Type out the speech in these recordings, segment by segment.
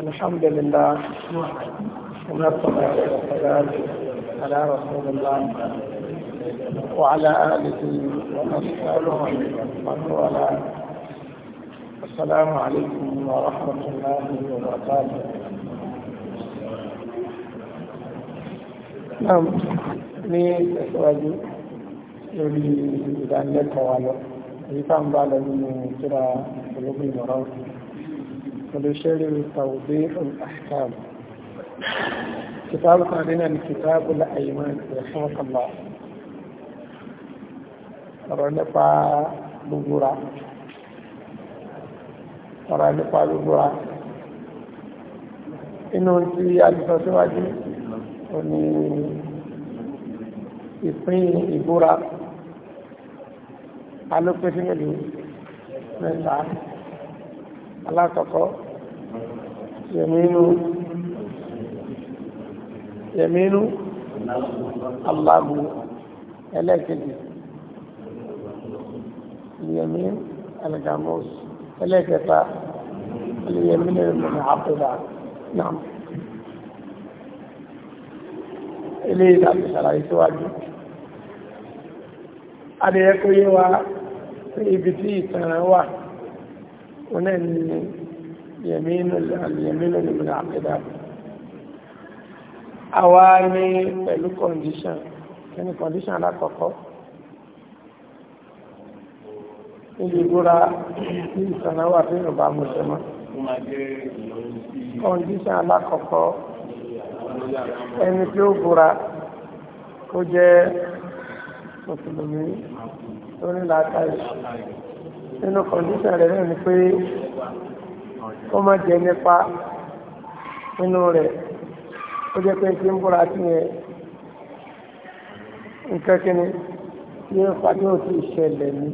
الحمد لله ونصلى والسلام على رسول الله وعلى آله وأصحابه ومن والاه السلام عليكم ورحمة الله وبركاته نعم ní ìtẹ̀síwájú lórí ìdánilẹ́kọ̀ọ́ wa lọ èyí tá ń bá lọ nínú ìtura ológun ìmọ̀ràn òkè ولشرع توضيح الأحكام كتاب علينا الكتاب الأيمان رحمك الله ọ̀rọ̀ nípa gbogbo ọ̀rọ̀ nípa gbogbo inú tí a lè sọ síwájú òní ìpín ìbúra alópin sí mélòó mẹ́ta alákọ̀ọ́kọ́ yẹmínú yẹmínú aláàbò ẹlẹ́kẹ̀ẹ́jì yẹmín algamos ẹlẹ́kẹ̀ẹ́ta yẹmín ẹlẹ́mọ̀nà àpẹẹrẹ náà eléyìí láti ṣàlàyé síwájú adìyẹ kó yé wa ibi tí ìtàn wà ونن náà ní yẹmínú àlùyẹmínú ní mìíràn àkẹ́dà àwa ní pẹ̀lú condition ẹni condition alákọ̀ọ́kọ́ níbi ìbúra ní ìsànáwó àfihàn bá mú ṣe mọ́ condition alákọ̀ọ́kọ́ ẹni tí ó búra kó jẹ́ mùsùlùmí tó ní làákàyè nínú kọ̀díṣà rẹ̀ náà ni pé ó má jẹ nípa nínú rẹ̀ ó jẹ́ pé tí ń búra sí yẹn nǹkan kíni yóò ń fa yóò ti ní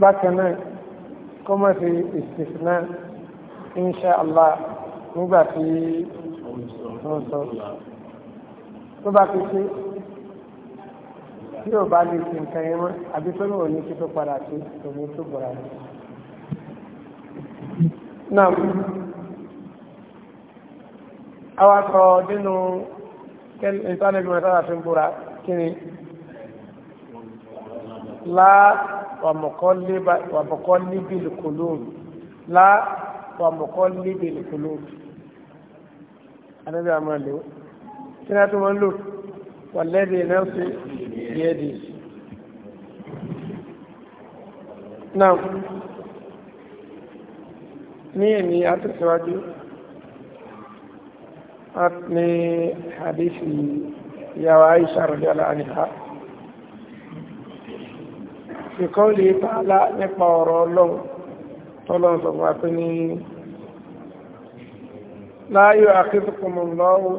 bákan kó má fi ìsìnkú insha Allah nígbà tí wọ́n sọ tó bá ti ṣe tí ò bá lè fi nǹkan yẹn mọ́ àbí tó lóun ní kí tó padà sí òun tó bọ̀rọ̀ rẹ̀. náà àwa sọ nínú ìtànẹ́bí wọn sára fi ń búra kí ni lá wàmọ̀kọ́ níbi lùkùlùm lá wàmọ̀kọ́ níbi lùkùlùm. anábìàmọ́ lò kí ni a tún máa lò wàlẹ́bí náà sí hear this. Now, ní èmi àtẹ̀síwájú ní hadithi ìyàwó Aisha radiyallahu anha. Ìkọ́lé tààlá nípa ọ̀rọ̀ ọlọ́run tọ́lọ́run sọ fún wa pé ní la yu'akhidhukumu Allahu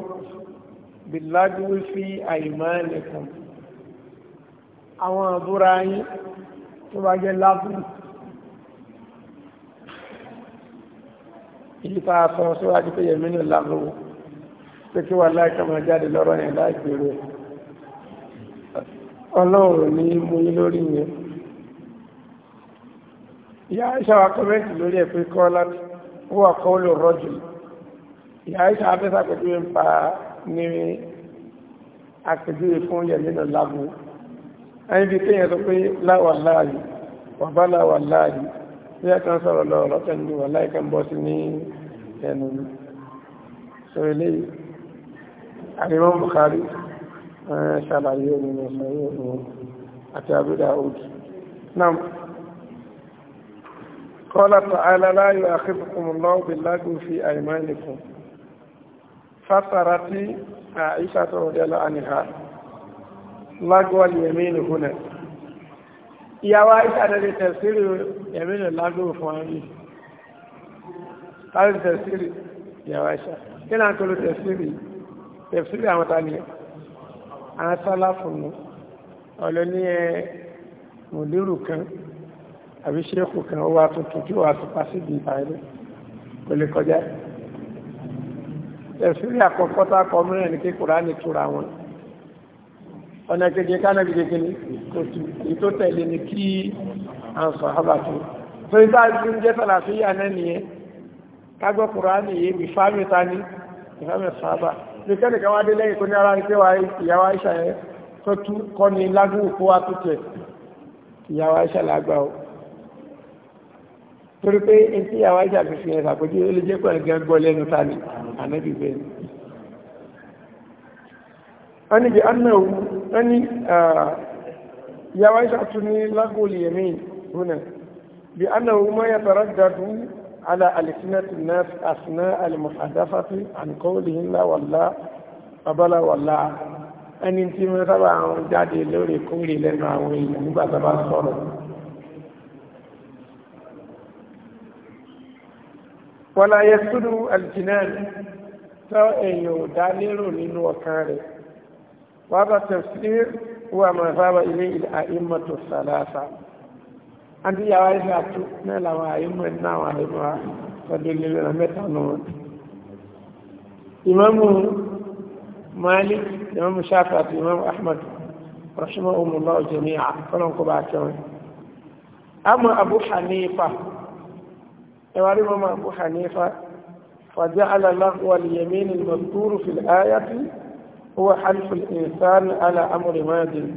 bil-lagwi fi aymanikum àwọn àbúra yín tó bá jẹ́ lábùn èyí tá a sọ síwájú pé yẹ̀mí ní lábùn pé kí wà láìka máa jáde lọ́rọ̀ yẹn láìpẹ̀rẹ̀ ọlọ́run ní mú yín lórí yẹn ìyá Aisha wa kọ́mẹ́ntì lórí ẹ̀ pé kọ́ láti wọ́n wà kọ́ rọ́jù ìyá Aisha afẹ́sàpẹ̀jú ń pa ní àpèjúwe fún yẹ̀mí ní lábùn àyíbi kéèyàn sọ pé láwà láàyè wàbá láwà láàyè bí a kan sọ̀rọ̀ lọ lọ́tẹ̀ ní wà láì kan bọ́ sí ní ẹnu sọ eléyìí àríwọ̀n Bukhari ṣàlàyé òmìnira sọ̀rọ̀ àti àbúdà òdù náà قال تعالى لا يؤاخذكم الله باللغو في أيمانكم فترت عائشة رضي الله lágọ́ yẹ̀mínú húnà ìyàwó àìsàdẹ̀lẹ̀ tẹ̀sírì yẹ̀mínú lágọ́ fún àmì tàbí tẹ̀sírì ìyàwó àìsà kí náà tó ló tẹ̀sírì tẹ̀sírì àwọn tàbí àwọn sálá fún ọ̀lọ́ ní ẹ mùdírù kan àbí ṣéèkù kan ó wá tuntun tí ó wá tó pàṣíbi ìbàrẹ̀ kò lè kọjá tẹ̀sírì àkọ́kọ́ tá kọ mìíràn ní kíkùrá ní tura wọn ọ̀nà kejì kánàbí jẹ́ kìíní kòtù ètò tẹ̀lé ní kí a ń sọ àbàtò tó ń bá ti ń jẹ́ sàlàfíà náà nìyẹn kágbọ́ kùránì yìí ní ìfámi sábà kan wá dé lẹ́yìn tó ní ara ní pẹ́wàá ìyàwó àìṣà yẹn tó tú kọ́ ni lágùn kó wá tó tẹ̀ ìyàwó àìṣà lágbà o torí pé etí ìyàwó àìṣà fi fi hàn sàpèjì ó lè jẹ́ pẹ̀lú gẹ́gbọ́ lẹ́nu ta ní ànábì bẹ́ẹ̀ ẹni bí annahu ẹni yàwá ìṣàtú ní lágòlì yẹmí húnà bí annahu ma ya tara dadu ala alifinati nas asna alimusadafati ankoli ńlá wàlá abala wàlá ẹni tí mo sábà àwọn jáde lóòrèkóòrè lẹ́nu àwọn èèyàn nígbà tá a bá sọ̀rọ̀ wàlá yẹ sùdù alìjìnà tó èèyàn ò dá وهذا التفسير هو ما ذهب إليه الأئمة الثلاثة أنت يا عائشة نلا وأئمة النا وأئمة فدل لنا متنون إمام مالك إمام شافعي إمام أحمد رحمهم الله جميعا فلهم كبعتهم أما أبو حنيفة يواري أبو حنيفة فجعل له اليمين المذكور في الآية هو حلف الإنسان على أمر ماضي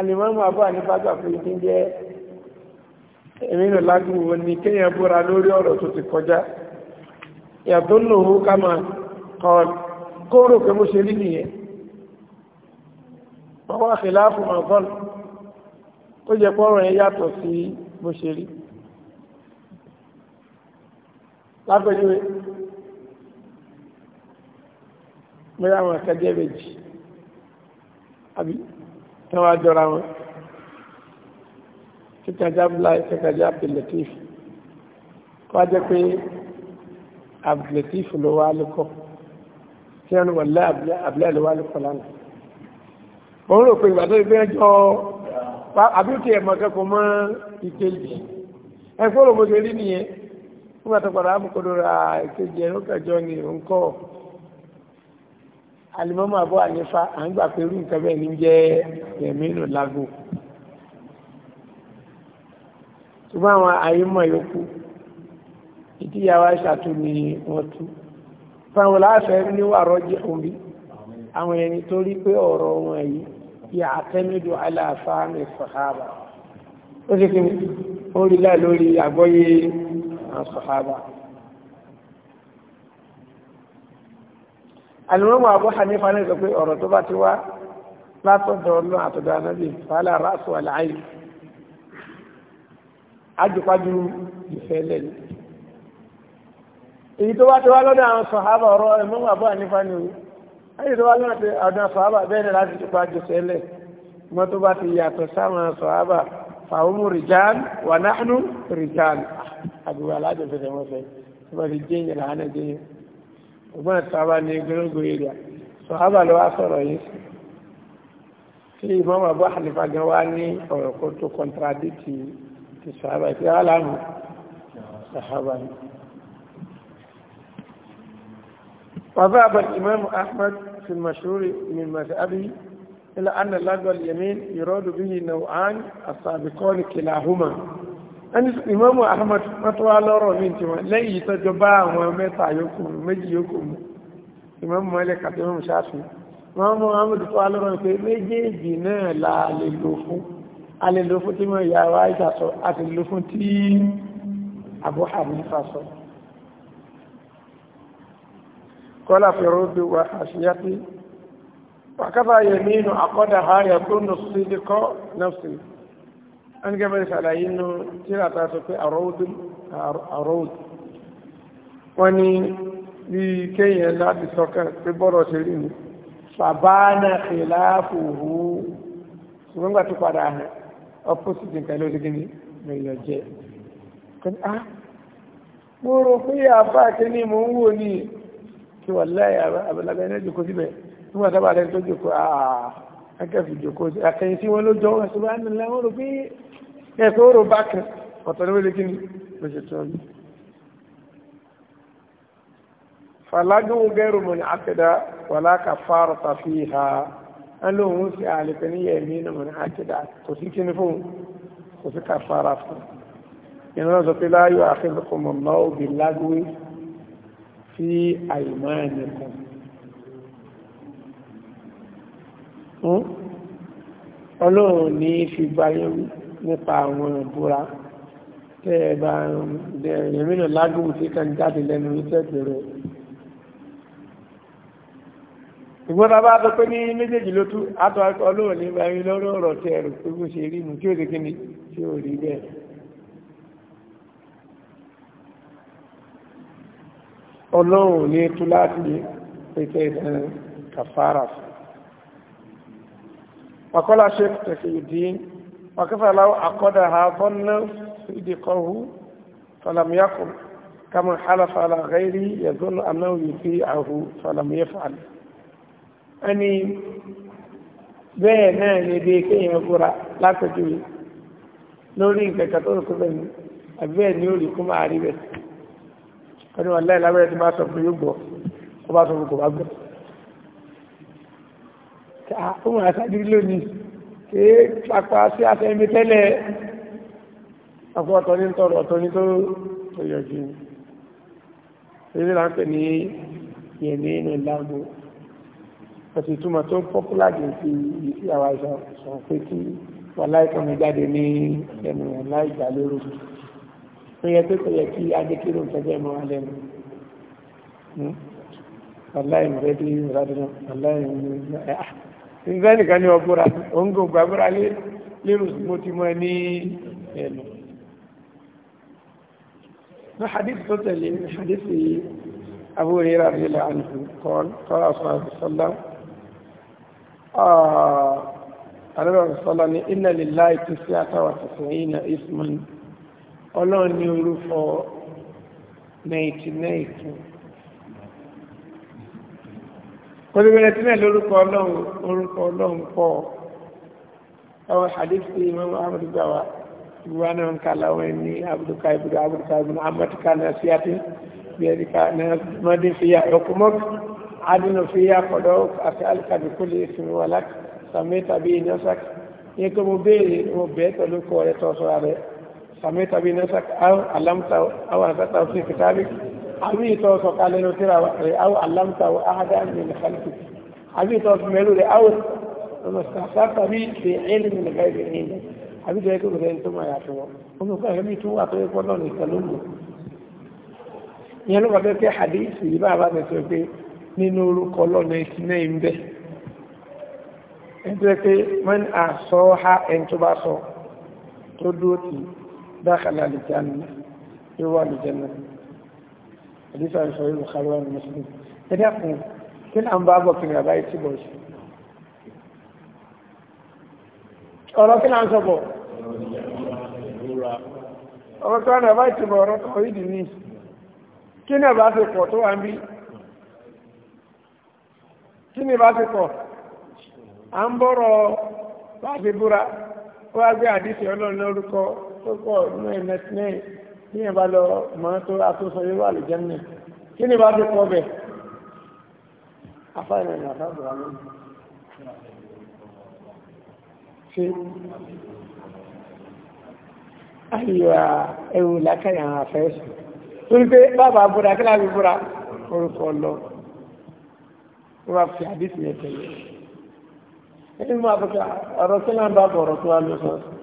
alimami abu anifa gbà pé ní jẹ́ èmi nù lágbègbè ní kéèyàn búra lórí ọ̀rọ̀ tó ti kọjá yàtọ̀ lòhù kama kọ́ọ̀l kó rò pé mo ṣe rí nìyẹn wọ́n wá fi láàfin ọ̀gọ́n ó jẹ́ pọ́rọ̀ yẹn yàtọ̀ sí mo ṣe rí lápẹjúwe bóyá àwọn akẹ́jẹ́ méjì àbí tí wọ́n jọra wọn kíkàjá bláì kíkàjá abdulatif kó wá jẹ́ pé abdulatif ló wá lókọ́ tí wọ́n wọ̀ lé abdulatif ló wá lókọ́ lánàá mo ń rò pé ìgbà tó ti bẹ́ẹ̀ jọ àbí ó kẹ́kọ̀ọ́ mọ́ ìkejì ẹ̀kọ́ òròmọdé rí nìyẹn nígbà tó padà ra ìkejì ẹ̀rọ kẹjọ ni alimọ́mọ́ àbọ̀ ànífà à ń gbà pé irú nǹkan bẹ́ẹ̀ ní jẹ́ ẹ̀mí nù lágò ṣùgbọ́n àwọn àyímọ̀ yòókù ìdíyàwó àṣàtú ni wọ́n tú fáwọn láàfẹ́ níwàrọ̀ jẹ́ omi àwọn ẹni tó rí pé ọ̀rọ̀ wọn yìí yà àtẹ́mẹ́dù aláàfáàmì sàhábà ó sì kí ni lórí àgbọ́yé àwọn sàhábà alimọ́mọ́ Abu Hanifa náà sọ pé ọ̀rọ̀ tó bá ti wá látọ̀dọ̀ ọlọ́run àtọ̀dọ̀ anábì fàálà ráṣù àlàáyé ajùpájú ìfẹ́ lẹ́nu èyí tó bá ti wá lọ́dọ̀ àwọn sọ̀hábà ọ̀rọ̀ alimọ́mọ́ Abu Hanifa ni o èyí tó wá lọ́dọ̀ àwọn sọ̀hábà bẹ́ẹ̀ ni láti tó pàjù sẹ́lẹ̀ mọ́ tó bá ti yàtọ̀ sáwọn sọ̀hábà fàwọn rìjàn wà náà nù rìjàn àgbègbè alájọ fẹsẹ̀ wọn tó bá ti jẹ́ ìyẹn làánà jẹ́ yẹn ọgbọ́n ìtaba ní gbẹ́rọ́gbẹ́ èrìà sọ ábàlọ wá sọ̀rọ̀ yìí sí tí ìmọ̀ àbọ̀ àlìfà gan wá ní ọ̀rọ̀ kó tó kọ́ntradìtì ti sàábà ìpé aláàmù sàábà ní wàbá àbàl imam ahmad fi mashuri min mazhabi ila anna ladwal yamin yuradu bihi naw'an as-sabiqan kilahuma ẹni ìmọ̀mù ahmed mọ́tòwá lọ́rọ̀ ní tiwọn lẹ́yìn ìtọ́jọ bá àwọn mẹ́ta yòókù méjì yòókù mu ìmọ̀mù mọ́lẹ̀ kàtó ìmọ̀mù ṣáfì mọ́mù ahmed tó wá lọ́rọ̀ pé méjèèjì náà la lè lò fún a lè lò fún tí mo yà wá ìjà sọ a sì fún tí abu hanifa kọ́lá fẹ̀rọ bí wà àṣeyàtì wàkàtà yẹmí inú àkọ́dà ha yẹ kó nù sí ẹni gẹ́gẹ́ ṣàlàyé inú tíra ta sọ pé àrọ́ọ̀dù wọ́n ní bí kéèyàn láti sọ́kàn pé bọ́rọ̀ ṣe rí ni fàbánà ìlàáfòhù ṣùgbọ́n gbà tó padà hàn ọpọ́sìtì nǹkan ló dégé ní lèèyàn jẹ́ mo rò pé àbá kíní mò ń wò ní kí wà láyé abẹ́lábẹ́ akẹ́fì jòkó àkẹyìn sí wọn ló jọ wọn ṣùgbọ́n àmì ńlá wọn rò pé ẹ̀kọ́ rò bá kan ọ̀tọ̀ níwèé kí ni ló ṣe tọ́ ni. fàlágùn gẹ́rù mọ̀ ní àkẹ́dá wàlá ka fárọ̀ tàfi ha á ló ń ṣe àlẹ́kẹ́ ní yẹ̀mí mọ̀ ní àkẹ́dá kò sí kí ni fún kò sí ka fara fún. ìran sọ pé láyọ̀ àkẹ́kọ̀ọ́ mọ̀ náà ò bí lágùn fi àyè máa nìkan. ọlọ́run ní fi báyé nípa àwọn ìbúra tẹ́ ẹ bá ìrìnà lágùn tí kan jáde lẹ́nu iṣẹ́ pẹ̀rẹ̀ ìgbọ́n tá a bá sọ pé ní méjèèjì ló tú àtọ́ ọlọ́run ní báyé lọ́rọ̀ ọ̀rọ̀ tẹ́ ẹ̀rù pé bó ṣe rí nù tí ó ṣe kíni tí ó rí bẹ́ẹ̀ ọlọ́run ní tú láti pèsè ìdáná kàfárà وقال شيخ تقي الدين وكيف لو عقدها ظن صدقه فلم يقم كما حلف على غيره يظن أنه يطيعه فلم يفعل أني bẹ́ẹ̀ náà ni bí kéèyàn fúra lápẹjúwe lórí ìkẹ̀kẹ̀ tó rùkú bẹ́ẹ̀ ni àbí bẹ́ẹ̀ ni ó rí kó máa rí bẹ́ẹ̀ ọdún wọn láì lábẹ́rẹ́ tí bá sọ fún yóò gbọ́ ó bá sọ fún kò bá gbọ́ ọmọ àṣájúrí lónìí ṣe pápá sí àṣẹ́mi tẹ́lẹ̀ ọ̀pọ̀ ọ̀tọ̀ ní tọrọ ọ̀tọ̀ ní tó yọjú ilé láńpẹ́ ní yẹ̀mí inú ìlàgbò ọ̀sì túmọ̀ tó pọ́pùlà jù sí ìsí àwa ìṣàn pé kí wà láìpọ̀ mi jáde ní ẹnu ẹ̀ láì gbà lérò ó yẹ pé kò yẹ kí adékèrò ń tẹ́jẹ́ mọ́ alẹ́ hmm? mi nígbà nìkan ní ọbúra òǹgò gbàbúra lérò mo ti mọ ní ẹnu ní hadith tó tẹ̀lé ní hadith yìí Abu Hurairah rẹ̀ ànìkú kọ́lá sallallahu sallam àrẹ́bẹ̀rẹ̀ sọ́lá ní inna lillahi tis'ata wa tis'ina isman ọlọ́run ní orúfọ́ 99 olùbẹ̀rẹ̀ tí náà lórúkọ ọlọ́run orúkọ ọlọ́run pọ̀ àwọn hadith tí imam ahmed gbà wá ìwà náà ń kàlà wọn ní abdulka ibùdó abdulka ibùdó amadika náà sí àti bẹ̀rẹ̀ka náà mọ́dé fi yá ọkùnmọ́k adínú fi yá kọ̀dọ̀ àti alikabi kó lè fi wọn lák sàmé tàbí inasak ní kí mo béèrè mo bẹ́ẹ̀ pẹ̀lú kọ́ rẹ̀ tọ́sọ́ rẹ̀ sàmé tàbí inasak alamta àwọn àgbàtà òfin kìtàbí àbí ìtọ́ sọ̀kalẹ̀ ló tíra rẹ̀ áwọ̀ alámtàwọ̀ áhádàmì ìlẹ̀kàlùkù àbí ìtọ́ mẹ́lú rẹ̀ áwọ̀ ọ̀sàkàtàbí ṣe ẹlẹ́mì ìlẹ̀kàlùkù ẹ̀yìn àbí ìtọ́ ẹ̀kọ́ rẹ̀ tó máa yàtọ̀ wọn omi kọ́ ẹ̀mí tún wà tó yẹ kọ́nà ní ìtàlómù ìyẹn ló bàbá pé hadith yìí bá bá tẹ̀sọ̀ pé nínú orúkọ lọ́nà ẹtì náà ń bẹ ẹgbẹ́ pé náà àdísà ìṣòro Bukhari wà ní Muslim ẹ dẹ́kun kí ni à ń bá bọ̀ kí ni àbá yìí túbọ̀ sí ọ̀rọ̀ kí ni à ń sọ bọ̀ ọ̀rọ̀ kí ni àbá yìí túbọ̀ ọ̀rọ̀ kọ̀ yìí dì ní fi pọ̀ tó wà ń bí kí ni fi pọ̀ à ń bọ̀rọ̀ fi búra wọ́n á gbé àdísì ọlọ́run tó pọ̀ nínú ẹ̀ bí yẹn bá lọ mọ́ tó atúnṣe irú àlùjẹ́nà kí ni bá fi pọ̀ bẹ̀ afá ìrìn àfá bọ̀ wọn ṣe ayò ẹ̀rù lákàyà àwọn afẹ́sùn torí pé bàbá búra kí láti búra orúkọ lọ wọ́n wá fi àdísì yẹn tẹ̀lé ẹni mú àbúkà ọ̀rọ̀ tí láǹbà bọ̀ ọ̀rọ̀ tó wá lọ́sọ̀ọ́sọ̀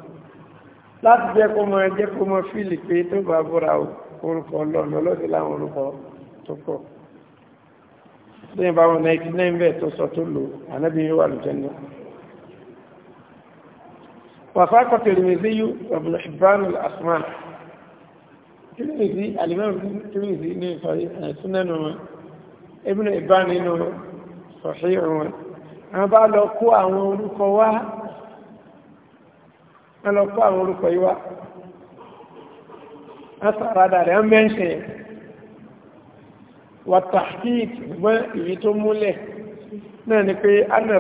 láti jẹ́ kó mọ jẹ́ kó mọ fíìlì pé tó bá búra orúkọ ọlọ́run ọlọ́dẹ láwọn orúkọ tó pọ̀ lẹ́yìn bá wọn náìtì náà bẹ́ẹ̀ tó sọ tó lò ànábì yóò wà lùjẹ́ náà wàfáàkọ̀ tèrèmìzíyú ọ̀bùn ìbánu àsùnmá tìrìmìzí àlìmọ́rù tìrìmìzí ní ìsọ̀rí àìsúnẹ́nu wọn ebínú ìbánu inú sọ̀hí wọn àwọn bá lọ kó àwọn orúkọ wá wọ́n lọ kó àwọn orúkọ yìí wá wọ́n sàrádà rẹ̀ ń mẹ́ńṣẹ̀ yẹn wàtàkìt gbọ́n èyí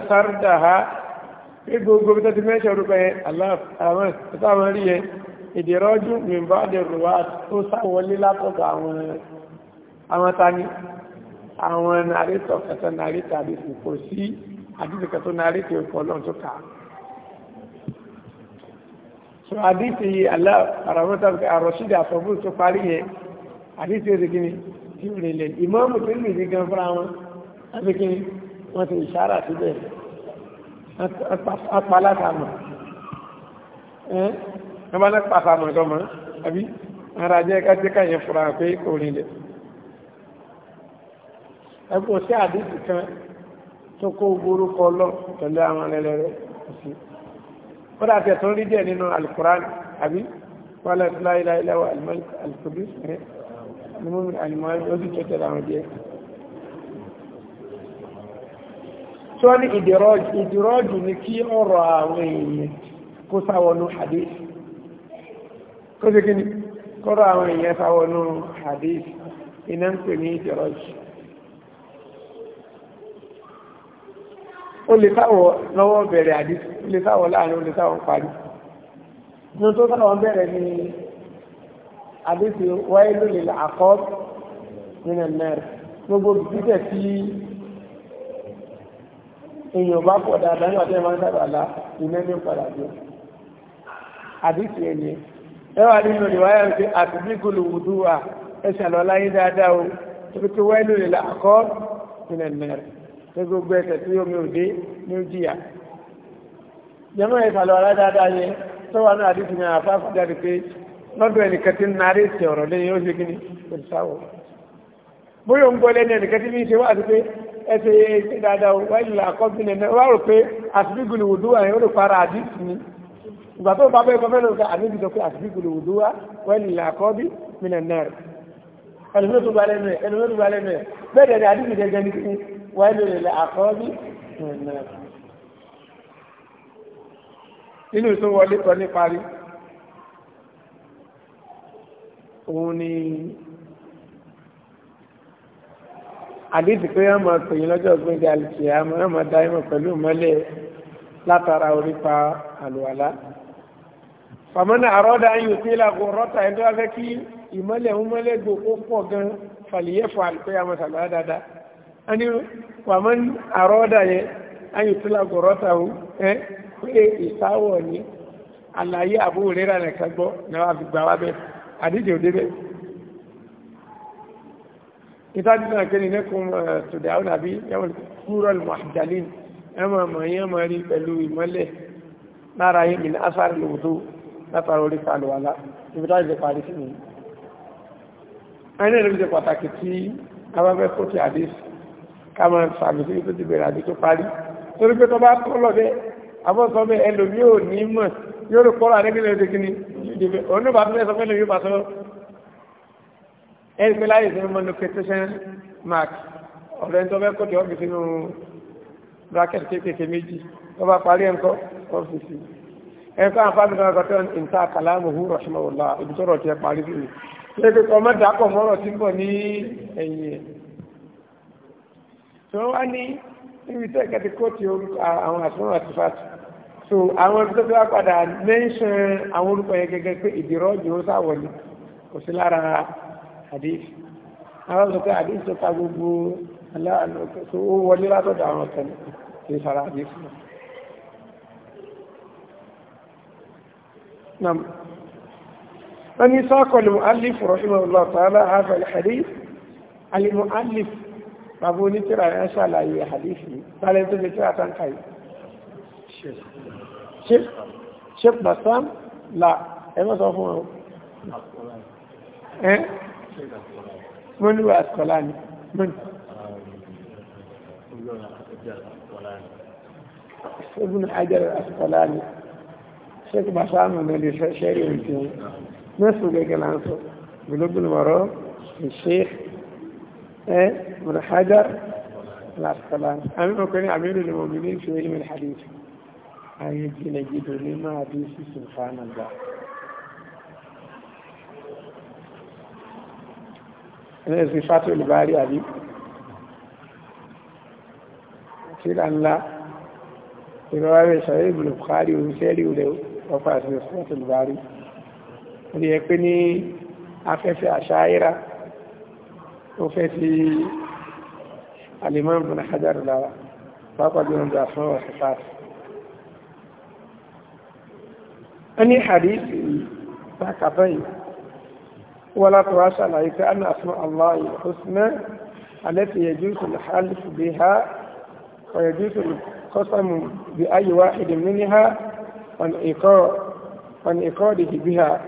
tó ha pé gbogbo bí tọ́tí mẹ́ńṣẹ̀ orúkọ yẹn aláàfáà táwọn rí yẹn ìdìrọ́jú mìíràn àdìrúwà tó sáwọlé látọ̀dọ̀ àwọn àwọn tani àwọn nàrítọ̀ kẹta nàrítà àdìsí kò sí àdìsí kẹta nàrítà ìkọlọ́n tó kàá so àdìsí alá àràmọ́tàbí àròṣìdì àtọ̀bù tó parí yẹn àdìsí ó ti kí ni tí ó lè lè ìmọ̀ọ́mù tó lè ní gan fúnra wọn àti kí ni wọ́n ti ìṣàrà síbẹ̀ apalátàmọ̀ ẹ́ wọ́n bá ní pàtàmọ̀ ìdọ́mọ̀ àbí ara jẹ́ kájíkà yẹn fúnra pé kò rí lẹ̀ sí àdìsí kan tó kó gbórúkọ lọ pẹ̀lú àwọn ẹlẹ́rẹ́ sí ó dà tẹ̀ tó ń rí díẹ̀ nínú alukurani àbí wàhálà ìfúláyìlá ìlàwọ̀ alukudus rẹ̀ ni mo mi àyìnbó ó sì tó tẹ̀lé àwọn díẹ̀. tí wọ́n ní ìdìrọ́jù ni kí ọ̀rọ̀ àwọn èèyàn kó sáwọnú hadith ó lè sáwọ̀ lọ́wọ́ bẹ̀rẹ̀ àdísì ó lè sáwọ̀ láàrin ó lè sáwọ̀ parí ní tó sáwọ̀ bẹ̀rẹ̀ ni àdísì wáyé ló lè àkọ́ nínú mẹ́rin gbogbo títẹ̀ tí èèyàn bá pọ̀ dáadáa nígbà tí ẹ máa ń sábà la ìmẹ́rin padà jẹ́ àdísì ẹni ẹwà nínú ìwáyà pé àtìbí gòlù wùdú wa ẹ ṣàlọ́ láyé dáadáa o torí pé wáyé ló lè àkọ́ nínú mẹ́rin pé gbogbo ẹsẹ̀ tí omi ò dé ní ó jìyà jẹ́mọ́ ìfàlọ́ ara dáadáa yẹn tó wà náà àdìsí ní àfa àfọ̀jáde pé lọ́dọ̀ ẹnìkan ti ń narí ìsìn ọ̀rọ̀ lẹ́yìn ó ṣe kíni kò sí sáwọ̀ bóyá ń gbọ́ lẹ́nu ẹnìkan tí mi ṣe wá àti pé ẹsẹ̀ ṣe dáadáa wáyé ìlà àkọ́bí nẹ̀ wá rò pé àtìbígùlù wùdú yẹn ó ni ìgbà tó bá bẹ́ẹ̀ kọ́ fẹ́ lóka àdìsí sọ pé àtìbígùlù wùdú wáyé lè àkọ́bí nínú tó wọlé kan ní parí òun ni àdìsí pé wọ́n máa pè yín lọ́jọ́ gbẹ́dẹ́ àlùkì àmọ́ wọ́n máa darí mọ̀ pẹ̀lú mọ́lẹ̀ látara orípa àlùwàlá fàmọ́nà àrọ́dà yìí tí ìlàgò rọ́ta ẹ̀dọ́ afẹ́ kí ìmọ́lẹ̀ ń mọ́lẹ̀ gbò ó pọ̀ gan fàlìyẹ́ fún àlùkò yà mọ́ sàlùwà dáadáa ẹni wàmọ́ àrọ́dà yẹn ayò tó lágọ̀rọ́ tàwọn ẹ́ pé ìsáwọ̀ ní àlàyé àbúrò rírà nìkan gbọ́ náà wà fi gbà wá bẹ́ẹ̀ àdíjẹ́ òde bẹ́ẹ̀ ìtàdí náà kí ni lẹ́kùn tòdà àwọn àbí yẹ́wọ̀n kúrọ̀l mọ̀hàdàlín ẹmọ mọ̀nyẹ́ mọ̀ rí pẹ̀lú ìmọ́lẹ̀ lára yìí ní asáàrì lòdó látara orí kàlùwàlá ìbítàdí lè parí sí ni ẹni ẹ̀rọ ìjẹ pàtàkì tí abábẹ́ kó ti àdéṣì ká máa sàmì sí tó ti bẹ̀rẹ̀ àti tó parí torí pé tó bá tọ́ lọ bẹ́ẹ̀ abọ́sọ bẹ́ẹ̀ ẹlòmí ò ní mọ̀ yóò rò kọ́ra nígbìlẹ̀ èdè kìíní òun náà bá fẹ́ sọ fẹ́lẹ̀ yóò bá sọ ẹni pé láyé ìsinmi mọ́nu petition mark ọ̀rẹ́ tó fẹ́ kó tí ọ́fíìsì nù bracket kéékèèké méjì tó bá parí ẹ̀ńkọ́ ọ́fíìsì ẹ̀ńkọ́ àǹfààní kan tó wá ní níbi tẹ́ ìkẹ́ ti kó ti orúkọ àwọn àsùnwọ̀n àti fàtì so àwọn tó tó wá padà mẹ́ńṣán àwọn orúkọ yẹn gẹ́gẹ́ pé ìdìrọ́jù ó sáwọ̀lì kò sí lára hadith àwọn sọ pé hadith tó ta gbogbo aláàánú tó ó wọlé látọ̀dọ̀ àwọn ọ̀tẹ̀ ní sara hadith wọ́n ní sọ́kọ̀lù alif rọ̀ṣùmọ̀ lọ́tàlá àfẹ́lẹ̀ hadith alimọ̀ alif bàbá onítìrà yẹn ṣàlàyé àdífì lálẹ́ tó lè tíra táǹkà yìí ṣe pàtàm là ẹmọ́ sọ fún ọ ẹ́ mọ́níwà àkọlá ni mọ́ní ibùn ajar àkọlá ni ṣe pàtàm ní lè ṣẹ́rí ìrìntì mẹ́sùn gẹ́gẹ́ láńsọ gbogbo ọ̀rọ̀ ìṣẹ́ ايه من حجر العسقلان امين وكان امير المؤمنين في علم الحديث ايجي نجد لما حديث سبحان الله انا صفات الباري ابي أن لا ìrọ̀rẹ́ sọ̀rọ̀ ìbùnú buhari oríṣẹ́rí rẹ̀ ọkọ̀ àti ìsọ́tò ìbárí rí ẹ pé ní ó fẹ́ fi alimam bin hajar lára pàápàá jùlọ bí àfún ọ̀sẹ̀fà a ní hadithi bákàbá yìí wọ́n láti wá ṣàlàyé pé a ní àfún aláàyè husna alẹ́tì yẹjúsù lẹ́hálìfù bí ha ọ̀yẹjúsù kọ́sàmù bí ayé wá ìdìmínì ha ọ̀nà ìkọ́ ọ̀nà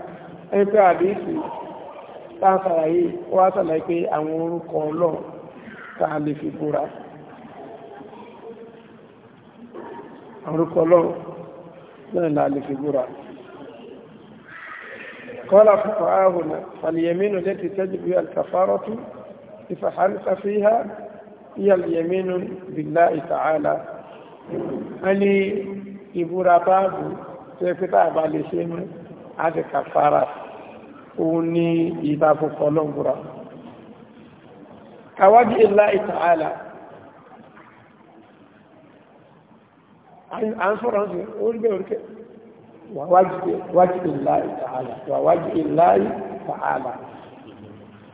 táàkàrà yìí wá sàlàyé pé àwọn orúkọ ọlọ́run tá a lè fi búra orúkọ ọlọ́run náà là lè fi búra kọ́lá fúnfà áhùnà fàlìyẹ̀mínú lẹ́tì tẹ́jú bí alkafárọ́tù ìfàhálùkà fíhá ìyàlìyẹ̀mínú bìlá ìtàhálà wọ́n ìbúra báàbù tẹ́ pé tá a bá òun ni ìbáfòfò lọ́gbùra kàwájú ilá ìtàhálà à ń sọ̀rọ̀ sí orílẹ̀ orílẹ̀ wàwájú ilá ìtàhálà wàwájú ilá ìtàhálà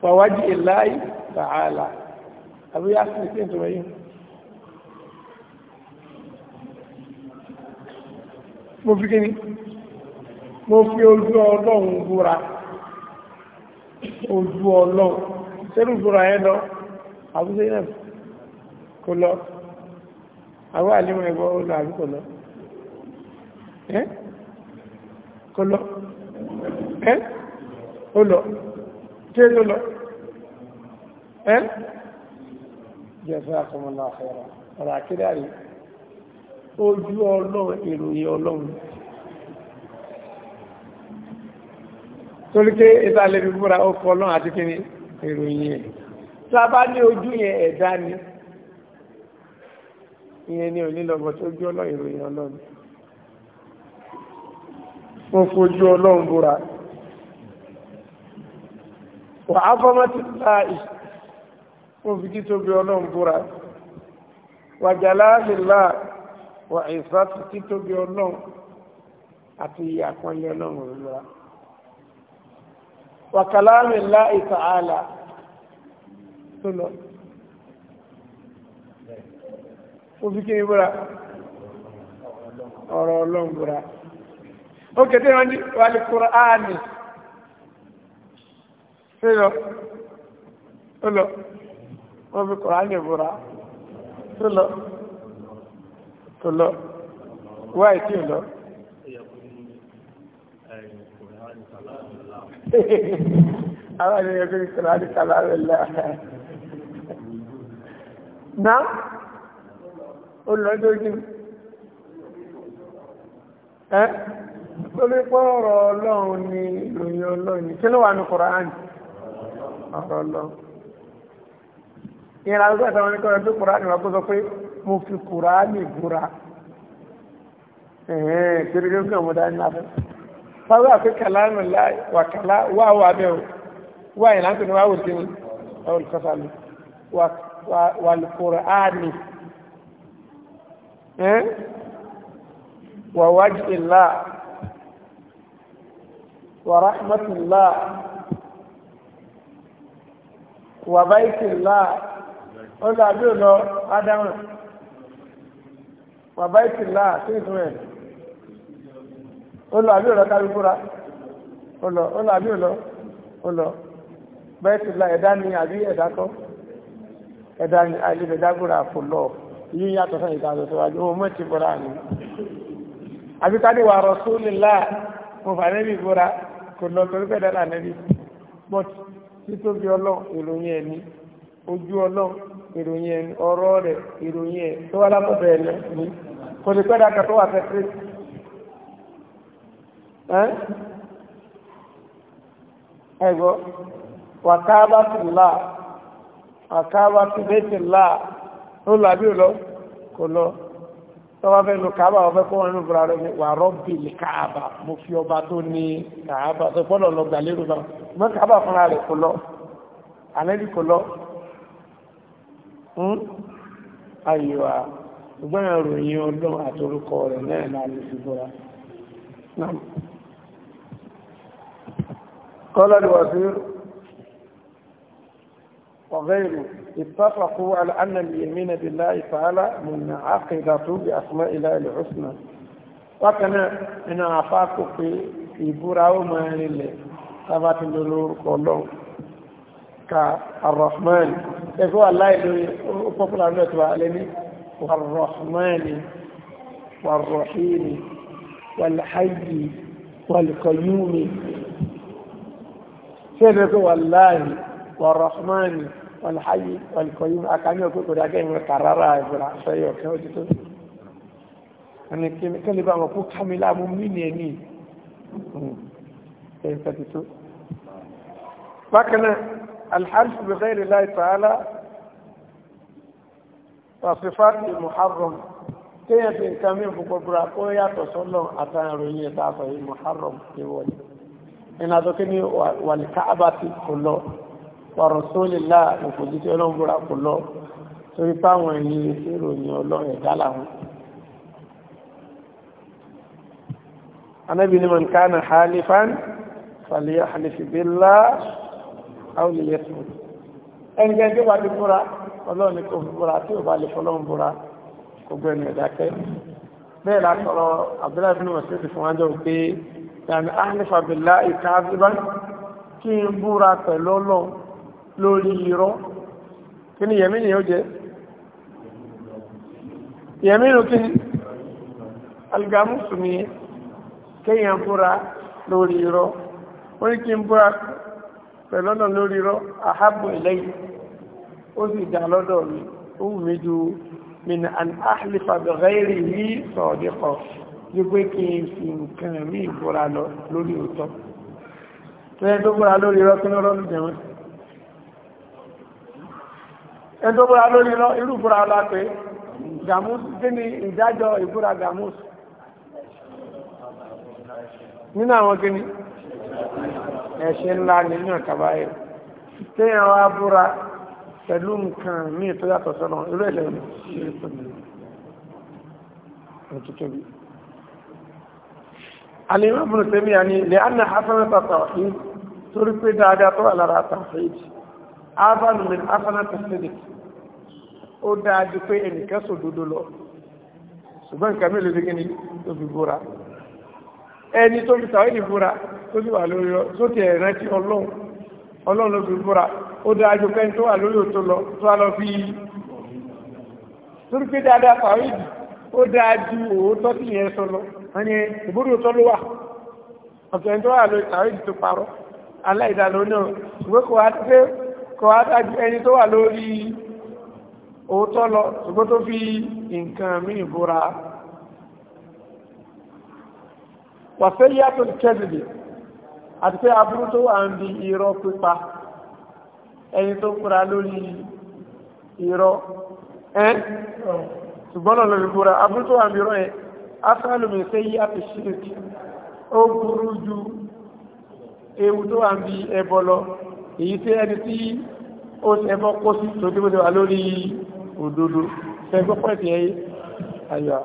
wàwájú ilá ìtàhálà àbúyá sí ìpín mo fi ojú ọlọ́run búra ojú ọlọ́run sẹ́rù ìbúra ẹ lọ àbúṣe náà kò lọ àwọn àlímọ̀ ẹgbọ́ ó lọ àbí kò lọ ẹ́ kò lọ ẹ́ ó lọ tí ó lọ ẹ́ jẹ́fẹ́ àkọmọlá àfẹ́ra ọ̀rọ̀ àkídàrí ojú ọlọ́run ìròyìn ọlọ́run torí pé ìta lè fi múra ó kọ́ lọ́n àti kíni ìròyìn ẹ̀ tí a bá ní ojú yẹn ẹ̀dá ni ìyẹn ni òní lọ́gbọ̀n tó gbé ọlọ́run ìròyìn ọlọ́run mo fojú ọlọ́run búra wà á fọ́mọ́ ti ta ìṣ mo fi kí tóbi ọlọ́run búra wà jàlá nílá wà ìfà ti kí ọlọ́run àti ìyàpọ̀lẹ́ ọlọ́run búra wa kalami Allahi ta'ala tó lọ ó fi kí ni búra ọ̀rọ̀ ọlọ́run búra ó kété wọn ní wàlí Kùránì tó lọ tó lọ wọ́n fi Kùránì búra tó lọ tó lọ wáyé tí ò lọ. àwọn ènìyàn bí kìlá ní kàlá rẹ̀ lẹ́ náà ó lọ lójú ẹ́ lórí pọ́ ọ̀rọ̀ ọlọ́run ni ìròyìn ọlọ́run ni kí ló wà ní Kùránì ọ̀rọ̀ ọlọ́run ìrìn àgbẹ̀ àtàwọn oníkọ̀ọ́rọ̀ tó Kùránì wà kó sọ pé mo fi Kùránì búra ẹ̀hẹ́n kiri kí ní afẹ́ fáwọn àfi kàlámù láì wà kàlá wà wà bẹ́ẹ̀ o wà yìí láti ní wà wò sí ni wà wò kọ́sà mi wà lùkùrọ̀ áàmì wà wájú ìlà wà ráhmàtì ìlà wà báyìí ìlà ó lọ àbí ò lọ ádámù wà báyìí ìlà sí ìtumẹ̀. ọlọ àbí ọlọ kárí fúra ọlọ ọlọ àbí ọlọ ọlọ bẹẹ ti la ẹdá ni àbí ẹdá kọ ẹdá ni àìlèdè dágbóra fò lọ yíyí yàtọ sani ká lọ síwájú ọmọ mọ ti fúra mi àbí káde wà rọsùn nílá mo fà nẹbi fúra kò lọ torí pẹ dára nẹbi bọt títóbi ọlọ ìròyìn ẹni ojú ọlọ ìròyìn ẹni ọrọ rẹ ìròyìn ẹ tó wà lábọ bẹẹ lẹ ní kò ní pẹ dára kẹtọ wà fẹ kírísì. ẹ̀gbọ́ wàkábàtìlá wàkábàtìlá ó la, àbí òlọ kò lọ tọ́wọ́ fẹ́ lo kàábà wọ́n fẹ́ kọ́ kaaba nínú rẹ̀ wà rọ́bì mo fi ọba tó ní kàábà tó gbọ́dọ̀ lọ gbà lérò náà mọ́ fúnra rẹ̀ kò lọ àlẹ́lì kò lọ hmm? ayíwa ọdún قال الوزير وغيره اتفقوا على أن اليمين بالله تعالى منعقدة بأسماء الله الحسنى وكان من عفاك في ìbúra ó mọ ilẹ̀ sábàtí lórúkọ ọlọ́run ka arrahman ẹgbẹ́ wà láìlórí ó pọ́pùlà náà tó wà alẹ́ ní warrahmani warrahimi walhayi walqayyumi tí ẹ̀rọ tó wà láàyè wàrọ̀hánì wàlháyé wàlùkọ̀yìn àkàní ọ̀pẹ́ kò dákẹ́ ìwọ̀n kàrárá ìbúra sọ́yọ̀ ọ̀kẹ́ òtítọ́ ẹni kẹ́lẹ́ bá wọn kó kámilá mú mí ní ẹni hmm. ẹ̀fẹ́ títọ́ bákan náà alhárif bi ghayri láì tààlà wàsífàtì muharram téèyàn fi nǹkan mí fún gbogbo àkóyàtọ̀ sọ́lọ́ àtàròyìn ẹ̀ta àfọ̀yìn muharram ti wọlé ẹni àtọ́kẹ́ ní wàlìkáàbàtì kò lọ wàrọ̀sólìlá òkòjísí ọlọ́gbọ́ra kò lọ torí páwọn ẹni ìròyìn ọlọ́rẹ̀ dálà wọn anábì ní man kana halifan falyahlif billah aw liyasmut ẹnikẹ́ni tó bá ti búra ọlọ́run ní kò fi búra tí ò bá lè fọlọ́run búra kò gbẹ̀mí ẹ̀dákẹ́ bẹ́ẹ̀ lásọ̀rọ̀ abdullahi bin masud fún wájọ́ pé yàní ahlifa billahi kaziban kí n búra pẹ̀lú ọlọ́run lórí irọ́ kí ni yẹ̀mí nìyẹn ó jẹ́ yẹ̀mí nù kí ni algamusu ni kéèyàn búra lórí irọ́ ó ní kí n búra pẹ̀lú ọlọ́run lórí irọ́ ahabu ilayya ó sì dá lọ́dọ̀ mi ó wù mí ju min an ahlifa bighayrihi sadiqa ju pé kí n fi nǹkan mí ìbúra lọ lórí òótọ́ tẹ́lẹ̀ tó búra lórí irọ́ kí ló rọ́ lùjẹ̀ wọn ẹni tó búra lórí irọ́ irú ìbúra ọlá pé gàmúsù kí ni ìdájọ́ ìbúra gàmúsù nínú àwọn kíní ẹ̀ṣẹ̀ ńlá nínú àkàbáyé téèyàn wá búra pẹ̀lú nǹkan míì tó yàtọ̀ sọ́nà irú ẹ̀lẹ́yìn ṣe é pẹ̀lú òtútù bíi alimọ́ fún tẹ́mí àní ilẹ̀ anna hasanata tawhid torí pé dáadáa tó wà lára tawhid azanu min hasanata sidik ó dáa ju pé ẹnìkan sọ dodo lọ ṣùgbọ́n nǹkan mélòó ti kíni tó fi búra ẹni tó fi tawhid búra tó sì wà lórí lọ tó ti ẹ̀rántí ọlọ́run ọlọ́run ló fi búra ó dáa ju pé tó wà lórí òtó lọ tó wà lọ fi torí pé dáadáa tawhid ó dáa ju òótọ́ sí yẹn sọ lọ wọ́n ní ìbúrú tó ló wà ọ̀tọ̀ ẹni tó wà lórí tàwí ti parọ́ aláìdàlọ́ náà ṣùgbọ́n kò wá ti pé kò wá dájú ẹni tó wà lórí òótọ́ lọ ṣùgbọ́n tó fi nǹkan míì búra wàfẹ́ yàtọ̀ kẹ́dìdì àti pé aburú tó wà ń bi irọ́ pípa ẹni tó kúra lórí irọ́ ẹ́ ṣùgbọ́n lọ́lọ́ ìbúra aburú tó wà ń bi irọ́ yẹn afẹ́lù mi fẹ́ yí àpìṣíríkì ó burú ju ewu tó wà ń bi ẹbọ lọ èyí tí ẹni tí ó ṣe ẹbọ kó sí tó dé wà lórí òdodo fẹ́gbọ́ pẹ̀tì ẹyẹ ayọ̀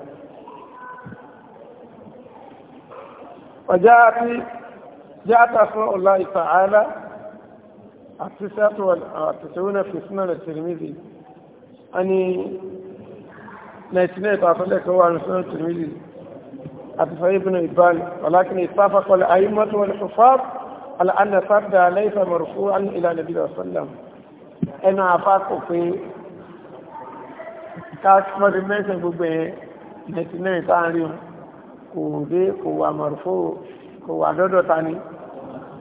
ọjá àti já àtàfún ọ̀la ìfàhálà àti sátọ̀ àtẹ̀sẹ̀wọ́n fìsínà rẹ̀ tìrìmìzì a ni 99 àfẹ́lẹ́kọ́ wà ní sọ́nà tìrìmìlì àti sọ́yí ibn ìbáni ọ̀lákin ìtafakọ̀ àyímọ́tò wọn fọ́fọ́f al'anna sábdà aláìsà mọ̀rùfú an ilá nàbí da sallam ẹnu àfákò pé káàkiri mẹ́sàn gbogbo ẹ̀ 99 táàrin kò dé kò wà mọ̀rùfú kò wà dọ́dọ̀ ta ni